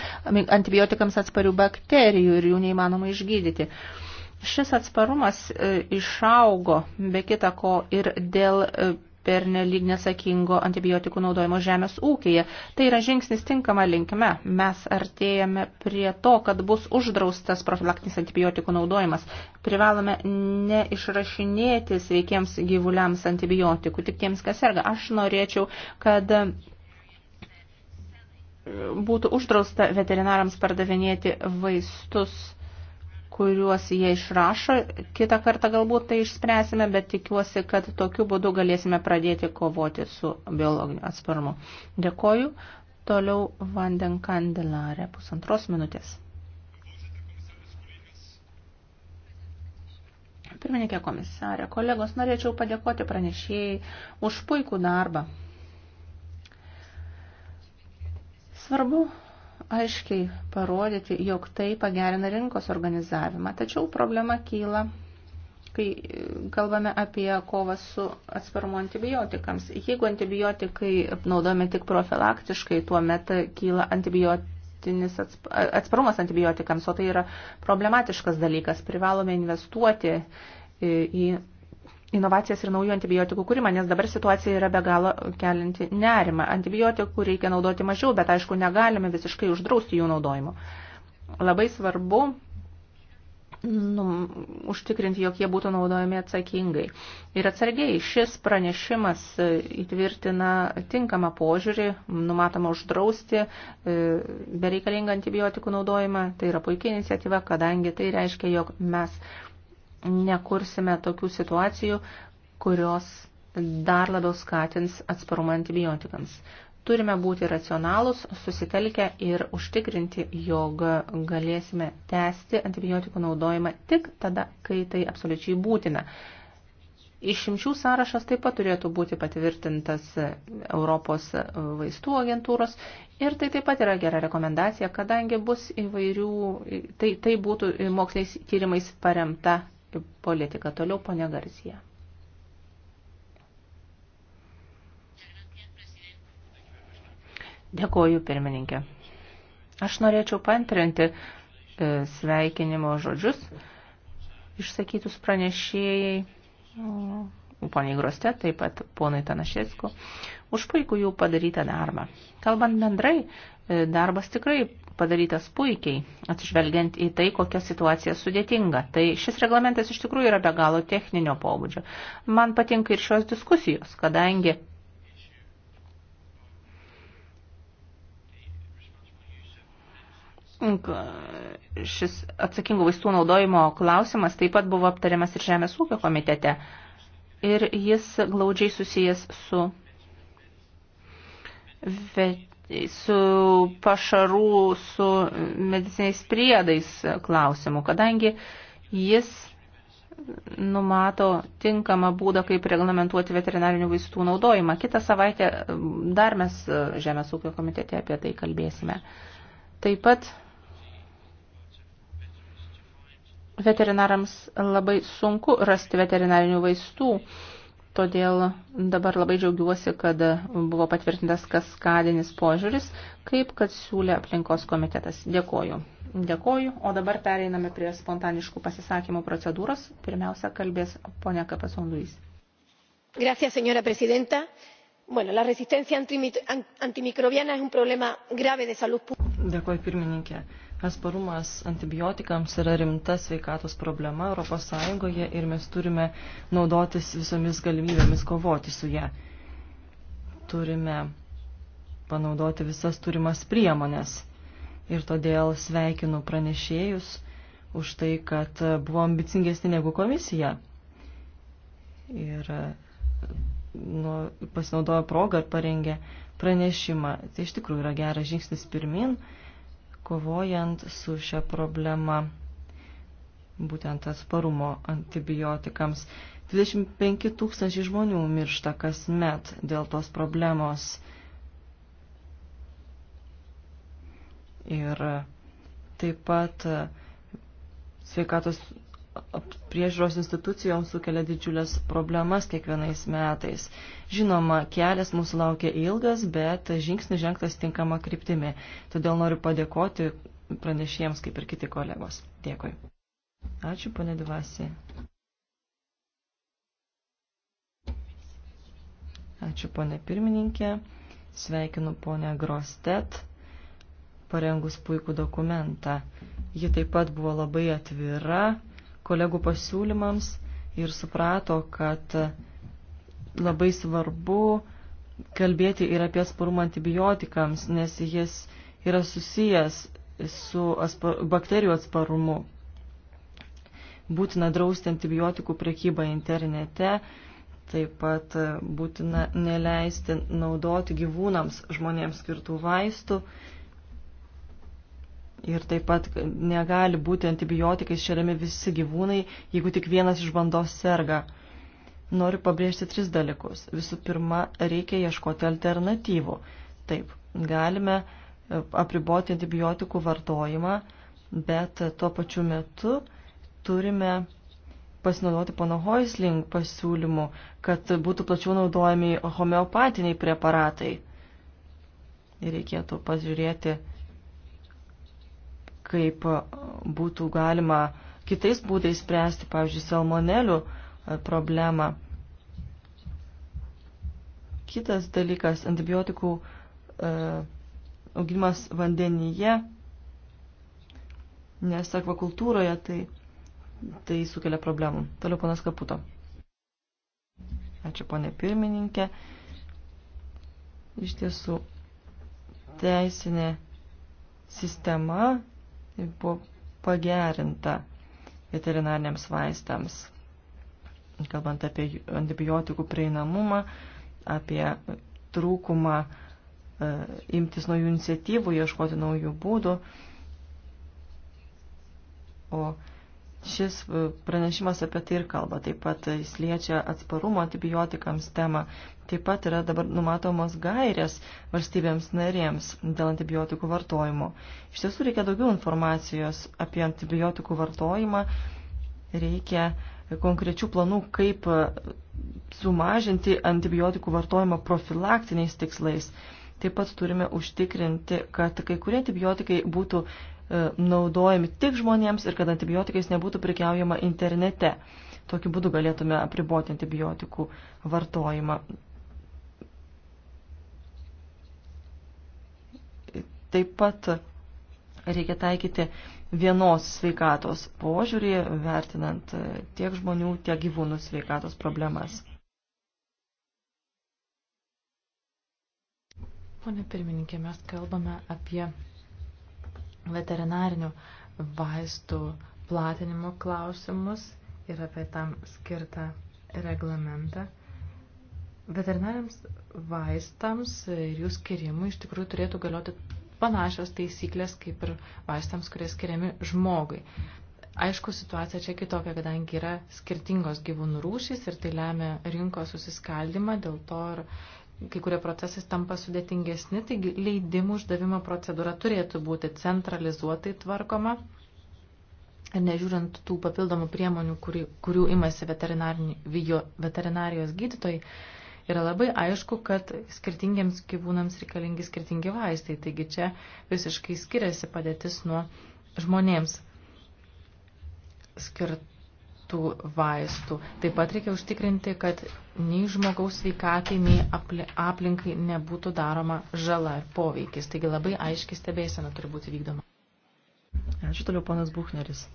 antibiotikams atsparių bakterijų ir jų neįmanoma išgydyti. Uh, Šis atsparumas e, išaugo, be kita ko, ir dėl e, pernelyg nesakingo antibiotikų naudojimo žemės ūkėje. Tai yra žingsnis tinkama linkme. Mes artėjame prie to, kad bus uždraustas profilaktinis antibiotikų naudojimas. Privalome neišrašinėti sveikiems gyvuliams antibiotikų, tik tiems, kas serga. Aš norėčiau, kad e, būtų uždrausta veterinarams pardavinėti vaistus kuriuos jie išrašo. Kitą kartą galbūt tai išspręsime, bet tikiuosi, kad tokiu būdu galėsime pradėti kovoti su biologiniu atsparumu. Dėkoju. Toliau Vanden Kandelarė pusantros minutės. Pirmininkė komisarė, kolegos, norėčiau padėkoti pranešėjai už puikų darbą. Svarbu aiškiai parodyti, jog tai pagerina rinkos organizavimą. Tačiau problema kyla, kai e, kalbame apie kovą su atsparumu antibiotikams. Jeigu antibiotikai naudojame tik profilaktiškai, tuomet kyla antibiotinis atsparumas antibiotikams, o tai yra problematiškas dalykas. Privalome investuoti e, į inovacijas ir naujų antibiotikų kūrimą, nes dabar situacija yra be galo kelinti nerimą. Antibiotikų reikia naudoti mažiau, bet aišku, negalime visiškai uždrausti jų naudojimo. Labai svarbu nu, užtikrinti, jog jie būtų naudojami atsakingai. Ir atsargiai šis pranešimas įtvirtina tinkamą požiūrį, numatoma uždrausti e, bereikalingą antibiotikų naudojimą. Tai yra puikia iniciatyva, kadangi tai reiškia, jog mes nekursime tokių situacijų, kurios dar labiau skatins atsparumą antibiotikams. Turime būti racionalūs, susitelkę ir užtikrinti, jog galėsime tęsti antibiotikų naudojimą tik tada, kai tai absoliučiai būtina. Išimčių sąrašas taip pat turėtų būti patvirtintas Europos vaistų agentūros ir tai taip pat yra gera rekomendacija, kadangi bus įvairių, tai, tai būtų moksliniais tyrimais paremta politiką. Toliau ponia Garcija. Dėkoju, pirmininkė. Aš norėčiau pantrinti e, sveikinimo žodžius išsakytus pranešėjai, poniai Groste, taip pat ponai Tanašesku už puikų jų padarytą darbą. Kalbant bendrai, e, darbas tikrai padarytas puikiai, atsižvelgiant į tai, kokia situacija sudėtinga. Tai šis reglamentas iš tikrųjų yra be galo techninio pobūdžio. Man patinka ir šios diskusijos, kadangi šis atsakingų vaistų naudojimo klausimas taip pat buvo aptariamas ir Žemės ūkio komitete. Ir jis glaudžiai susijęs su su pašarų, su mediciniais priedais klausimu, kadangi jis numato tinkamą būdą, kaip reglamentuoti veterinarinių vaistų naudojimą. Kitą savaitę dar mes e, Žemės ūkio komitete apie tai kalbėsime. Taip pat veterinarams labai sunku rasti veterinarinių vaistų Todėl dabar labai džiaugiuosi, kad buvo patvirtintas kaskadinis požiūris, kaip kad siūlė aplinkos komitetas. Dėkoju. Dėkoju. O dabar pereiname prie spontaniškų pasisakymų procedūros. Pirmiausia, kalbės ponia Kapason Luis. Gracias, señora presidenta. Bueno, la resistencia antimicrobiana es un problema grave de salud pública. Dėkuoju pirmininkė. Atsparumas antibiotikams yra rimta sveikatos problema ES ir mes turime naudotis visomis galimybėmis kovoti su ją. Turime panaudoti visas turimas priemonės. Ir todėl sveikinu pranešėjus už tai, kad buvo ambicingesni negu komisija. Ir e, nu, pasinaudojo progą ir parengė pranešimą. Tai iš tikrųjų yra geras žingsnis pirmin, kovojant su šia problema, būtent atsparumo antibiotikams. 25 tūkstančiai žmonių miršta kasmet dėl tos problemos. Ir taip pat e, sveikatos priežiūros institucijoms sukelia didžiulės problemas kiekvienais metais. Žinoma, kelias mūsų laukia ilgas, bet žingsnis žengtas tinkama kryptimi. Todėl noriu padėkoti pranešėjams kaip ir kiti kolegos. Dėkui. Ačiū, ponė Dvasi. Ačiū, ponė pirmininkė. Sveikinu ponę Grostet, parengus puikų dokumentą. Ji taip pat buvo labai atvira kolegų pasiūlymams ir suprato, kad labai svarbu kalbėti ir apie atsparumą antibiotikams, nes jis yra susijęs su atspar bakterijų atsparumu. Būtina drausti antibiotikų prekybą internete, taip pat būtina neleisti naudoti gyvūnams žmonėms skirtų vaistų Ir taip pat negali būti antibiotikais šeriami visi gyvūnai, jeigu tik vienas iš bandos serga. Noriu pabrėžti tris dalykus. Visų pirma, reikia ieškoti alternatyvų. Taip, galime e, apriboti antibiotikų vartojimą, bet tuo pačiu metu turime pasinaudoti pono Hoisling pasiūlymu, kad būtų plačiau naudojami homeopatiniai preparatai. Ir reikėtų pažiūrėti kaip būtų galima kitais būdais spręsti, pavyzdžiui, salmonelių e, problemą. Kitas dalykas - antibiotikų e, augimas vandenyje, nes akvakultūroje tai, tai sukelia problemų. Toliau panas Kaputo. Ačiū, ponė pirmininkė. Iš tiesų, teisinė sistema buvo pagerinta veterinariniams vaistams. Kalbant apie antibiotikų prieinamumą, apie trūkumą e, imtis naujų iniciatyvų, ieškoti naujų būdų. O Šis e, pranešimas apie tai ir kalba. Taip pat jis liečia atsparumo antibiotikams temą. Taip pat yra dabar numatomos gairės valstybėms narėms dėl antibiotikų vartojimo. Iš tiesų reikia daugiau informacijos apie antibiotikų vartojimą. Reikia konkrečių planų, kaip sumažinti antibiotikų vartojimą profilaktiniais tikslais. Taip pat turime užtikrinti, kad kai kurie antibiotikai būtų E, naudojami tik žmonėms ir kad antibiotikais nebūtų prikiaujama internete. Tokiu būdu galėtume apriboti antibiotikų vartojimą. Taip pat reikia taikyti vienos sveikatos požiūrį, vertinant tiek žmonių, tiek gyvūnų sveikatos problemas. Pone pirmininkė, mes kalbame apie veterinarinių vaistų platinimo klausimus ir apie tam skirtą reglamentą. Veterinariams vaistams ir jų skirimui iš tikrųjų turėtų galioti panašios taisyklės kaip ir vaistams, kurie skiriami žmogui. Aišku, situacija čia kitokia, kadangi yra skirtingos gyvūnų rūšys ir tai lemia rinkos susiskaldimą, dėl to ir kai kurie procesai tampa sudėtingesni, taigi leidimų uždavimo procedūra turėtų būti centralizuotai tvarkoma. Ir nežiūrint tų papildomų priemonių, kuri, kurių imasi veterinarijos gydytojai, yra labai aišku, kad skirtingiems gyvūnams reikalingi skirtingi vaistai. Taigi čia visiškai skiriasi padėtis nuo žmonėms skirtų tų vaistų. Taip pat reikia užtikrinti, kad nei žmogaus sveikatai, nei aplinkai nebūtų daroma žala ir poveikis. Taigi labai aiški stebėsena turi būti vykdoma. Ačiū toliau, ponas Buchneris.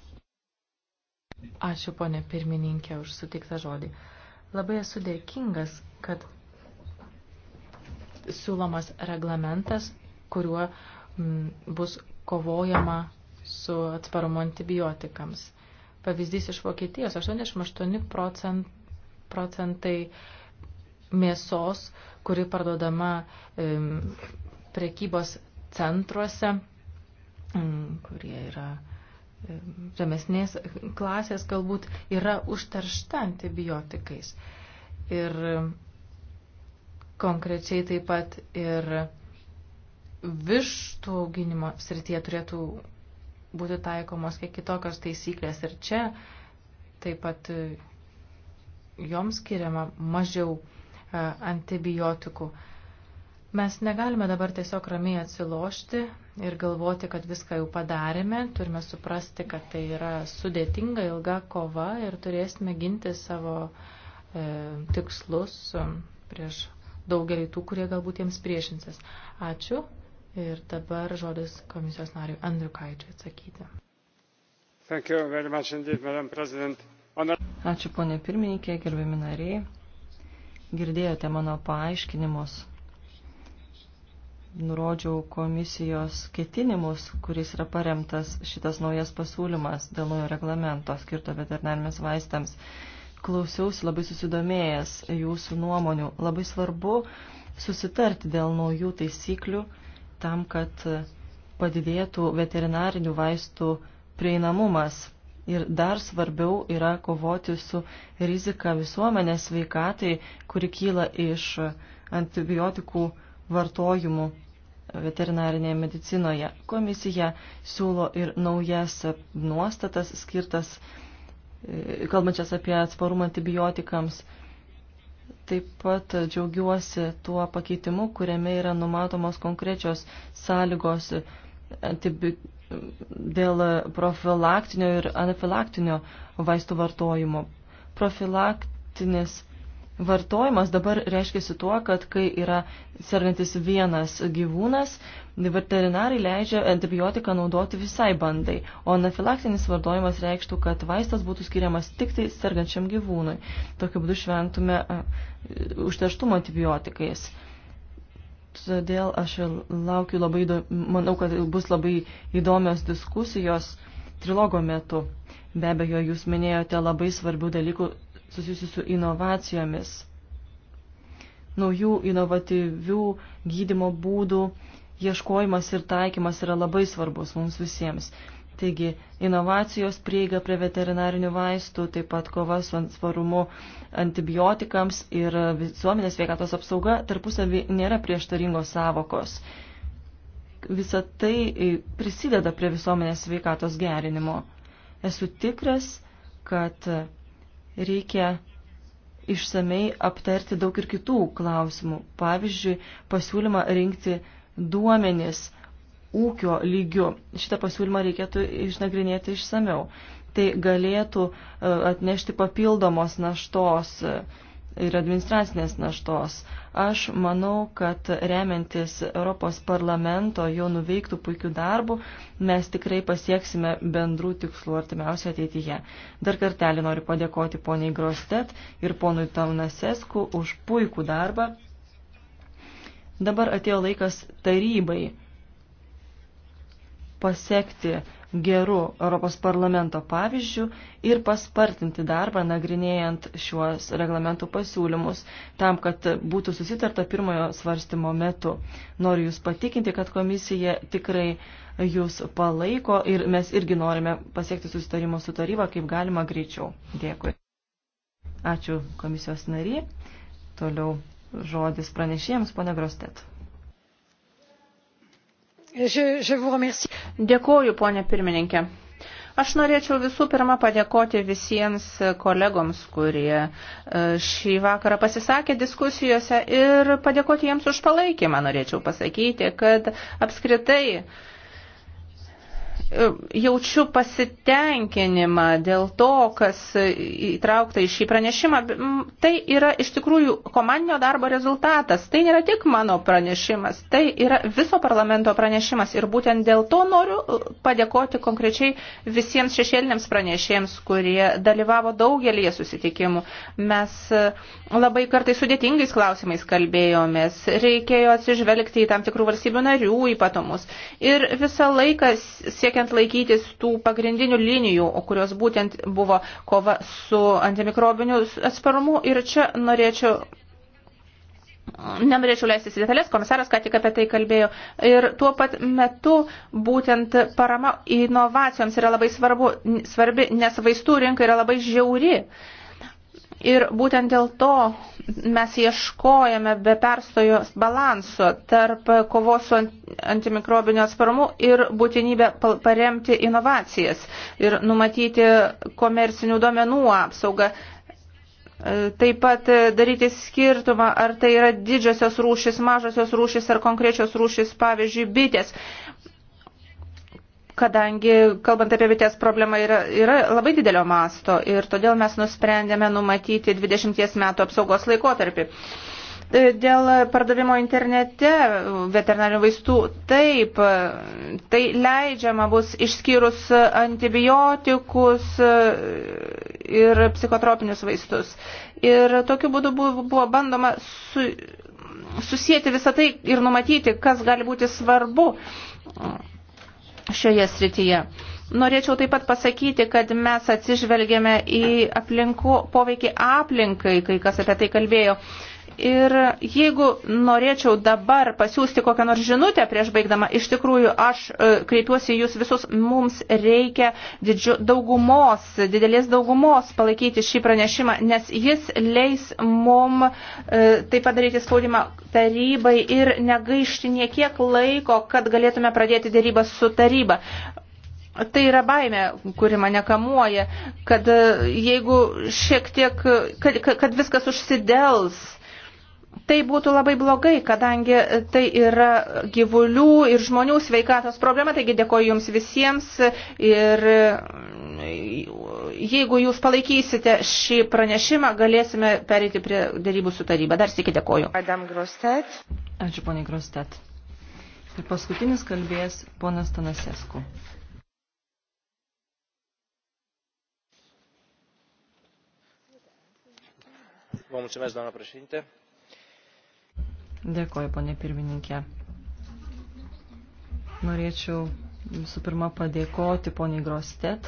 Ačiū, ponė pirmininkė, už sutiktą žodį. Labai esu dėkingas, kad siūlomas reglamentas, kuriuo m, bus kovojama su atsparumu antibiotikams. Pavyzdys iš Vokietijos 88 procent, procentai mėsos, kuri parduodama prekybos centruose, kurie yra žemesnės klasės galbūt yra užteršta antibiotikais. Ir konkrečiai taip pat ir vištų auginimo srityje turėtų būti taikomos kiek kitokios taisyklės. Ir čia taip pat e, joms skiriama mažiau e, antibiotikų. Mes negalime dabar tiesiog ramiai atsilošti ir galvoti, kad viską jau padarėme. Turime suprasti, kad tai yra sudėtinga, ilga kova ir turėsime ginti savo e, tikslus e, prieš daugelį tų, kurie galbūt jiems priešinsis. Ačiū. Ir dabar žodis komisijos nariui Andriukaičiui atsakyti. Indeed, Ačiū ponė pirmininkė, gerbiami nariai. Girdėjote mano paaiškinimus. Nurodžiau komisijos ketinimus, kuris yra paremtas šitas naujas pasiūlymas dėl naujo reglamento skirto veterinarmės vaistams. Klausiausi labai susidomėjęs jūsų nuomonių. Labai svarbu susitarti dėl naujų taisyklių tam, kad padidėtų veterinarinių vaistų prieinamumas. Ir dar svarbiau yra kovoti su rizika visuomenės sveikatai, kuri kyla iš antibiotikų vartojimų veterinarinėje medicinoje. Komisija siūlo ir naujas nuostatas skirtas, kalbančias apie atsparumą antibiotikams Taip pat džiaugiuosi tuo pakeitimu, kuriame yra numatomos konkrečios sąlygos e, dėl profilaktinio ir anafilaktinio vaistų vartojimo. Profilaktinis Vartojimas dabar reiškia tuo, kad kai yra sergantis vienas gyvūnas, veterinarai leidžia antibiotiką naudoti visai bandai, o anafilaktinis vartojimas reikštų, kad vaistas būtų skiriamas tik tai sergančiam gyvūnui. Tokiu būdu švengtume užterštumo antibiotikais. Todėl aš laukiu labai, manau, kad bus labai įdomios diskusijos trilogo metu. Be abejo, jūs minėjote labai svarbių dalykų susijusių su inovacijomis, naujų inovatyvių gydimo būdų ieškojimas ir taikymas yra labai svarbus mums visiems. Taigi, inovacijos prieiga prie veterinarinių vaistų, taip pat kova su svarumu antibiotikams ir visuomenės veikatos apsauga tarpusavį nėra prieštaringos savokos. Visa tai e, prisideda prie visuomenės veikatos gerinimo. Esu tikras, kad reikia išsamei aptarti daug ir kitų klausimų. Pavyzdžiui, pasiūlymą rinkti duomenis ūkio lygiu. Šitą pasiūlymą reikėtų išnagrinėti išsameu. Tai galėtų e, atnešti papildomos naštos uh, ir administracinės naštos. Aš manau, kad remiantis Europos parlamento jau nuveiktų puikių darbų, mes tikrai pasieksime bendrų tikslų artimiausio ateityje. Dar kartelį noriu padėkoti poniai Grostet ir ponui Taunasesku už puikų darbą. Dabar atėjo laikas tarybai pasiekti gerų Europos parlamento pavyzdžių ir paspartinti darbą nagrinėjant šiuos reglamentų pasiūlymus tam, kad būtų susitarta pirmojo svarstymo metu. Noriu Jūs patikinti, kad komisija tikrai Jūs palaiko ir mes irgi norime pasiekti susitarimo su taryba kaip galima greičiau. Dėkui. Ačiū komisijos nariai. Toliau žodis pranešėjams, pone Grostet. Dėkuoju, ponė pirmininkė. Aš norėčiau visų pirma padėkoti visiems kolegoms, kurie e, šį vakarą pasisakė diskusijose ir padėkoti jiems už palaikymą. Norėčiau pasakyti, kad apskritai jaučiu pasitenkinimą dėl to, kas įtraukta į šį pranešimą. Tai yra iš tikrųjų komandinio darbo rezultatas. Tai nėra tik mano pranešimas, tai yra viso parlamento pranešimas. Ir būtent dėl to noriu e, padėkoti konkrečiai visiems šešėliniams pranešėjams, kurie dalyvavo daugelį susitikimų. Mes e, labai kartai sudėtingais klausimais kalbėjomės. Reikėjo atsižvelgti į tam tikrų valstybių narių ypatumus. Ir visą laiką siekiant laikytis tų pagrindinių linijų, kurios būtent buvo kova su antimikrobiniu atsparumu. Ir čia norėčiau Nenorėčiau leistis į detalės, komisaras ką tik apie tai kalbėjo. Ir tuo pat metu būtent parama inovacijoms yra labai svarbu, svarbi, nes vaistų rinka yra labai žiauri. Uh, Ir būtent dėl to mes ieškojame be perstojo balanso tarp kovos su antimikrobinio atsparumu ir būtinybę paremti inovacijas ir numatyti komercinių duomenų apsaugą. E, taip pat e, daryti skirtumą, ar tai yra didžiosios rūšis, mažosios rūšis ar konkrečios rūšis, pavyzdžiui, bitės kadangi, kalbant apie bitės problemą, yra, yra labai didelio masto ir todėl mes nusprendėme numatyti 20 metų apsaugos laikotarpį. E, dėl pardavimo internete veterinarių vaistų taip, tai leidžiama bus išskyrus antibiotikus ir psichotropinius vaistus. Ir tokiu būdu buvo bandoma su, susijęti visą tai ir numatyti, kas gali būti svarbu šioje srityje. Norėčiau taip pat pasakyti, kad mes atsižvelgėme į aplinko, poveikį aplinkai, kai kas apie tai kalbėjo. Uh, Ir jeigu norėčiau dabar pasiūsti kokią nors žinutę prieš baigdama, iš tikrųjų aš e, kreipiuosi jūs visus, mums reikia didžiu, daugumos, didelės daugumos palaikyti šį pranešimą, nes jis leis mum e, tai padaryti spaudimą tarybai ir negaišti niekiek laiko, kad galėtume pradėti dėrybą su taryba. Tai yra baime, kuri mane kamuoja, kad e, jeigu šiek tiek, kad, kad viskas užsidels, Tai būtų labai blogai, kadangi tai yra gyvulių ir žmonių sveikatos problema, taigi dėkoju Jums visiems ir jeigu Jūs palaikysite šį pranešimą, galėsime perėti prie darybų su taryba. Dar sėki dėkoju. Adam Grostet. Ačiū, poniai Grostet. Ir paskutinis kalbės ponas Tanasesku. Vă mulțumesc, doamnă președinte. Dėkoju, ponė pirmininkė. Norėčiau visų pirma padėkoti poniai Grostet,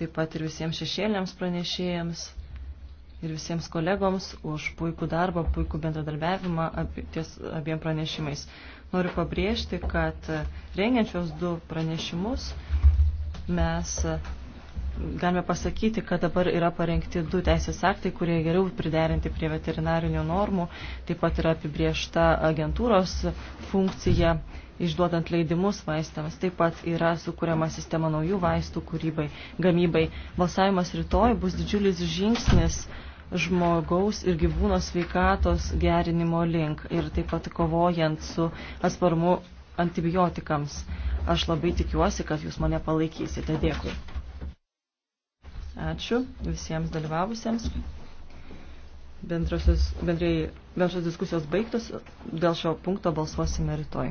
taip pat ir visiems šešėliams pranešėjams ir visiems kolegoms už puikų darbą, puikų bendradarbiavimą ties abiem pranešimais. Noriu pabrėžti, kad rengiančios du pranešimus mes galime pasakyti, kad dabar yra parengti du teisės aktai, kurie geriau priderinti prie veterinarinių normų. Taip pat yra apibriešta agentūros funkcija išduodant leidimus vaistams. Taip pat yra sukūriama sistema naujų vaistų kūrybai, gamybai. Balsavimas rytoj bus didžiulis žingsnis žmogaus ir gyvūno sveikatos gerinimo link ir taip pat kovojant su atsparumu antibiotikams. Aš labai tikiuosi, kad jūs mane palaikysite. Dėkui. Ačiū visiems dalyvavusiems. Bendrosios diskusijos baigtos. Dėl šio punkto balsuosime rytoj.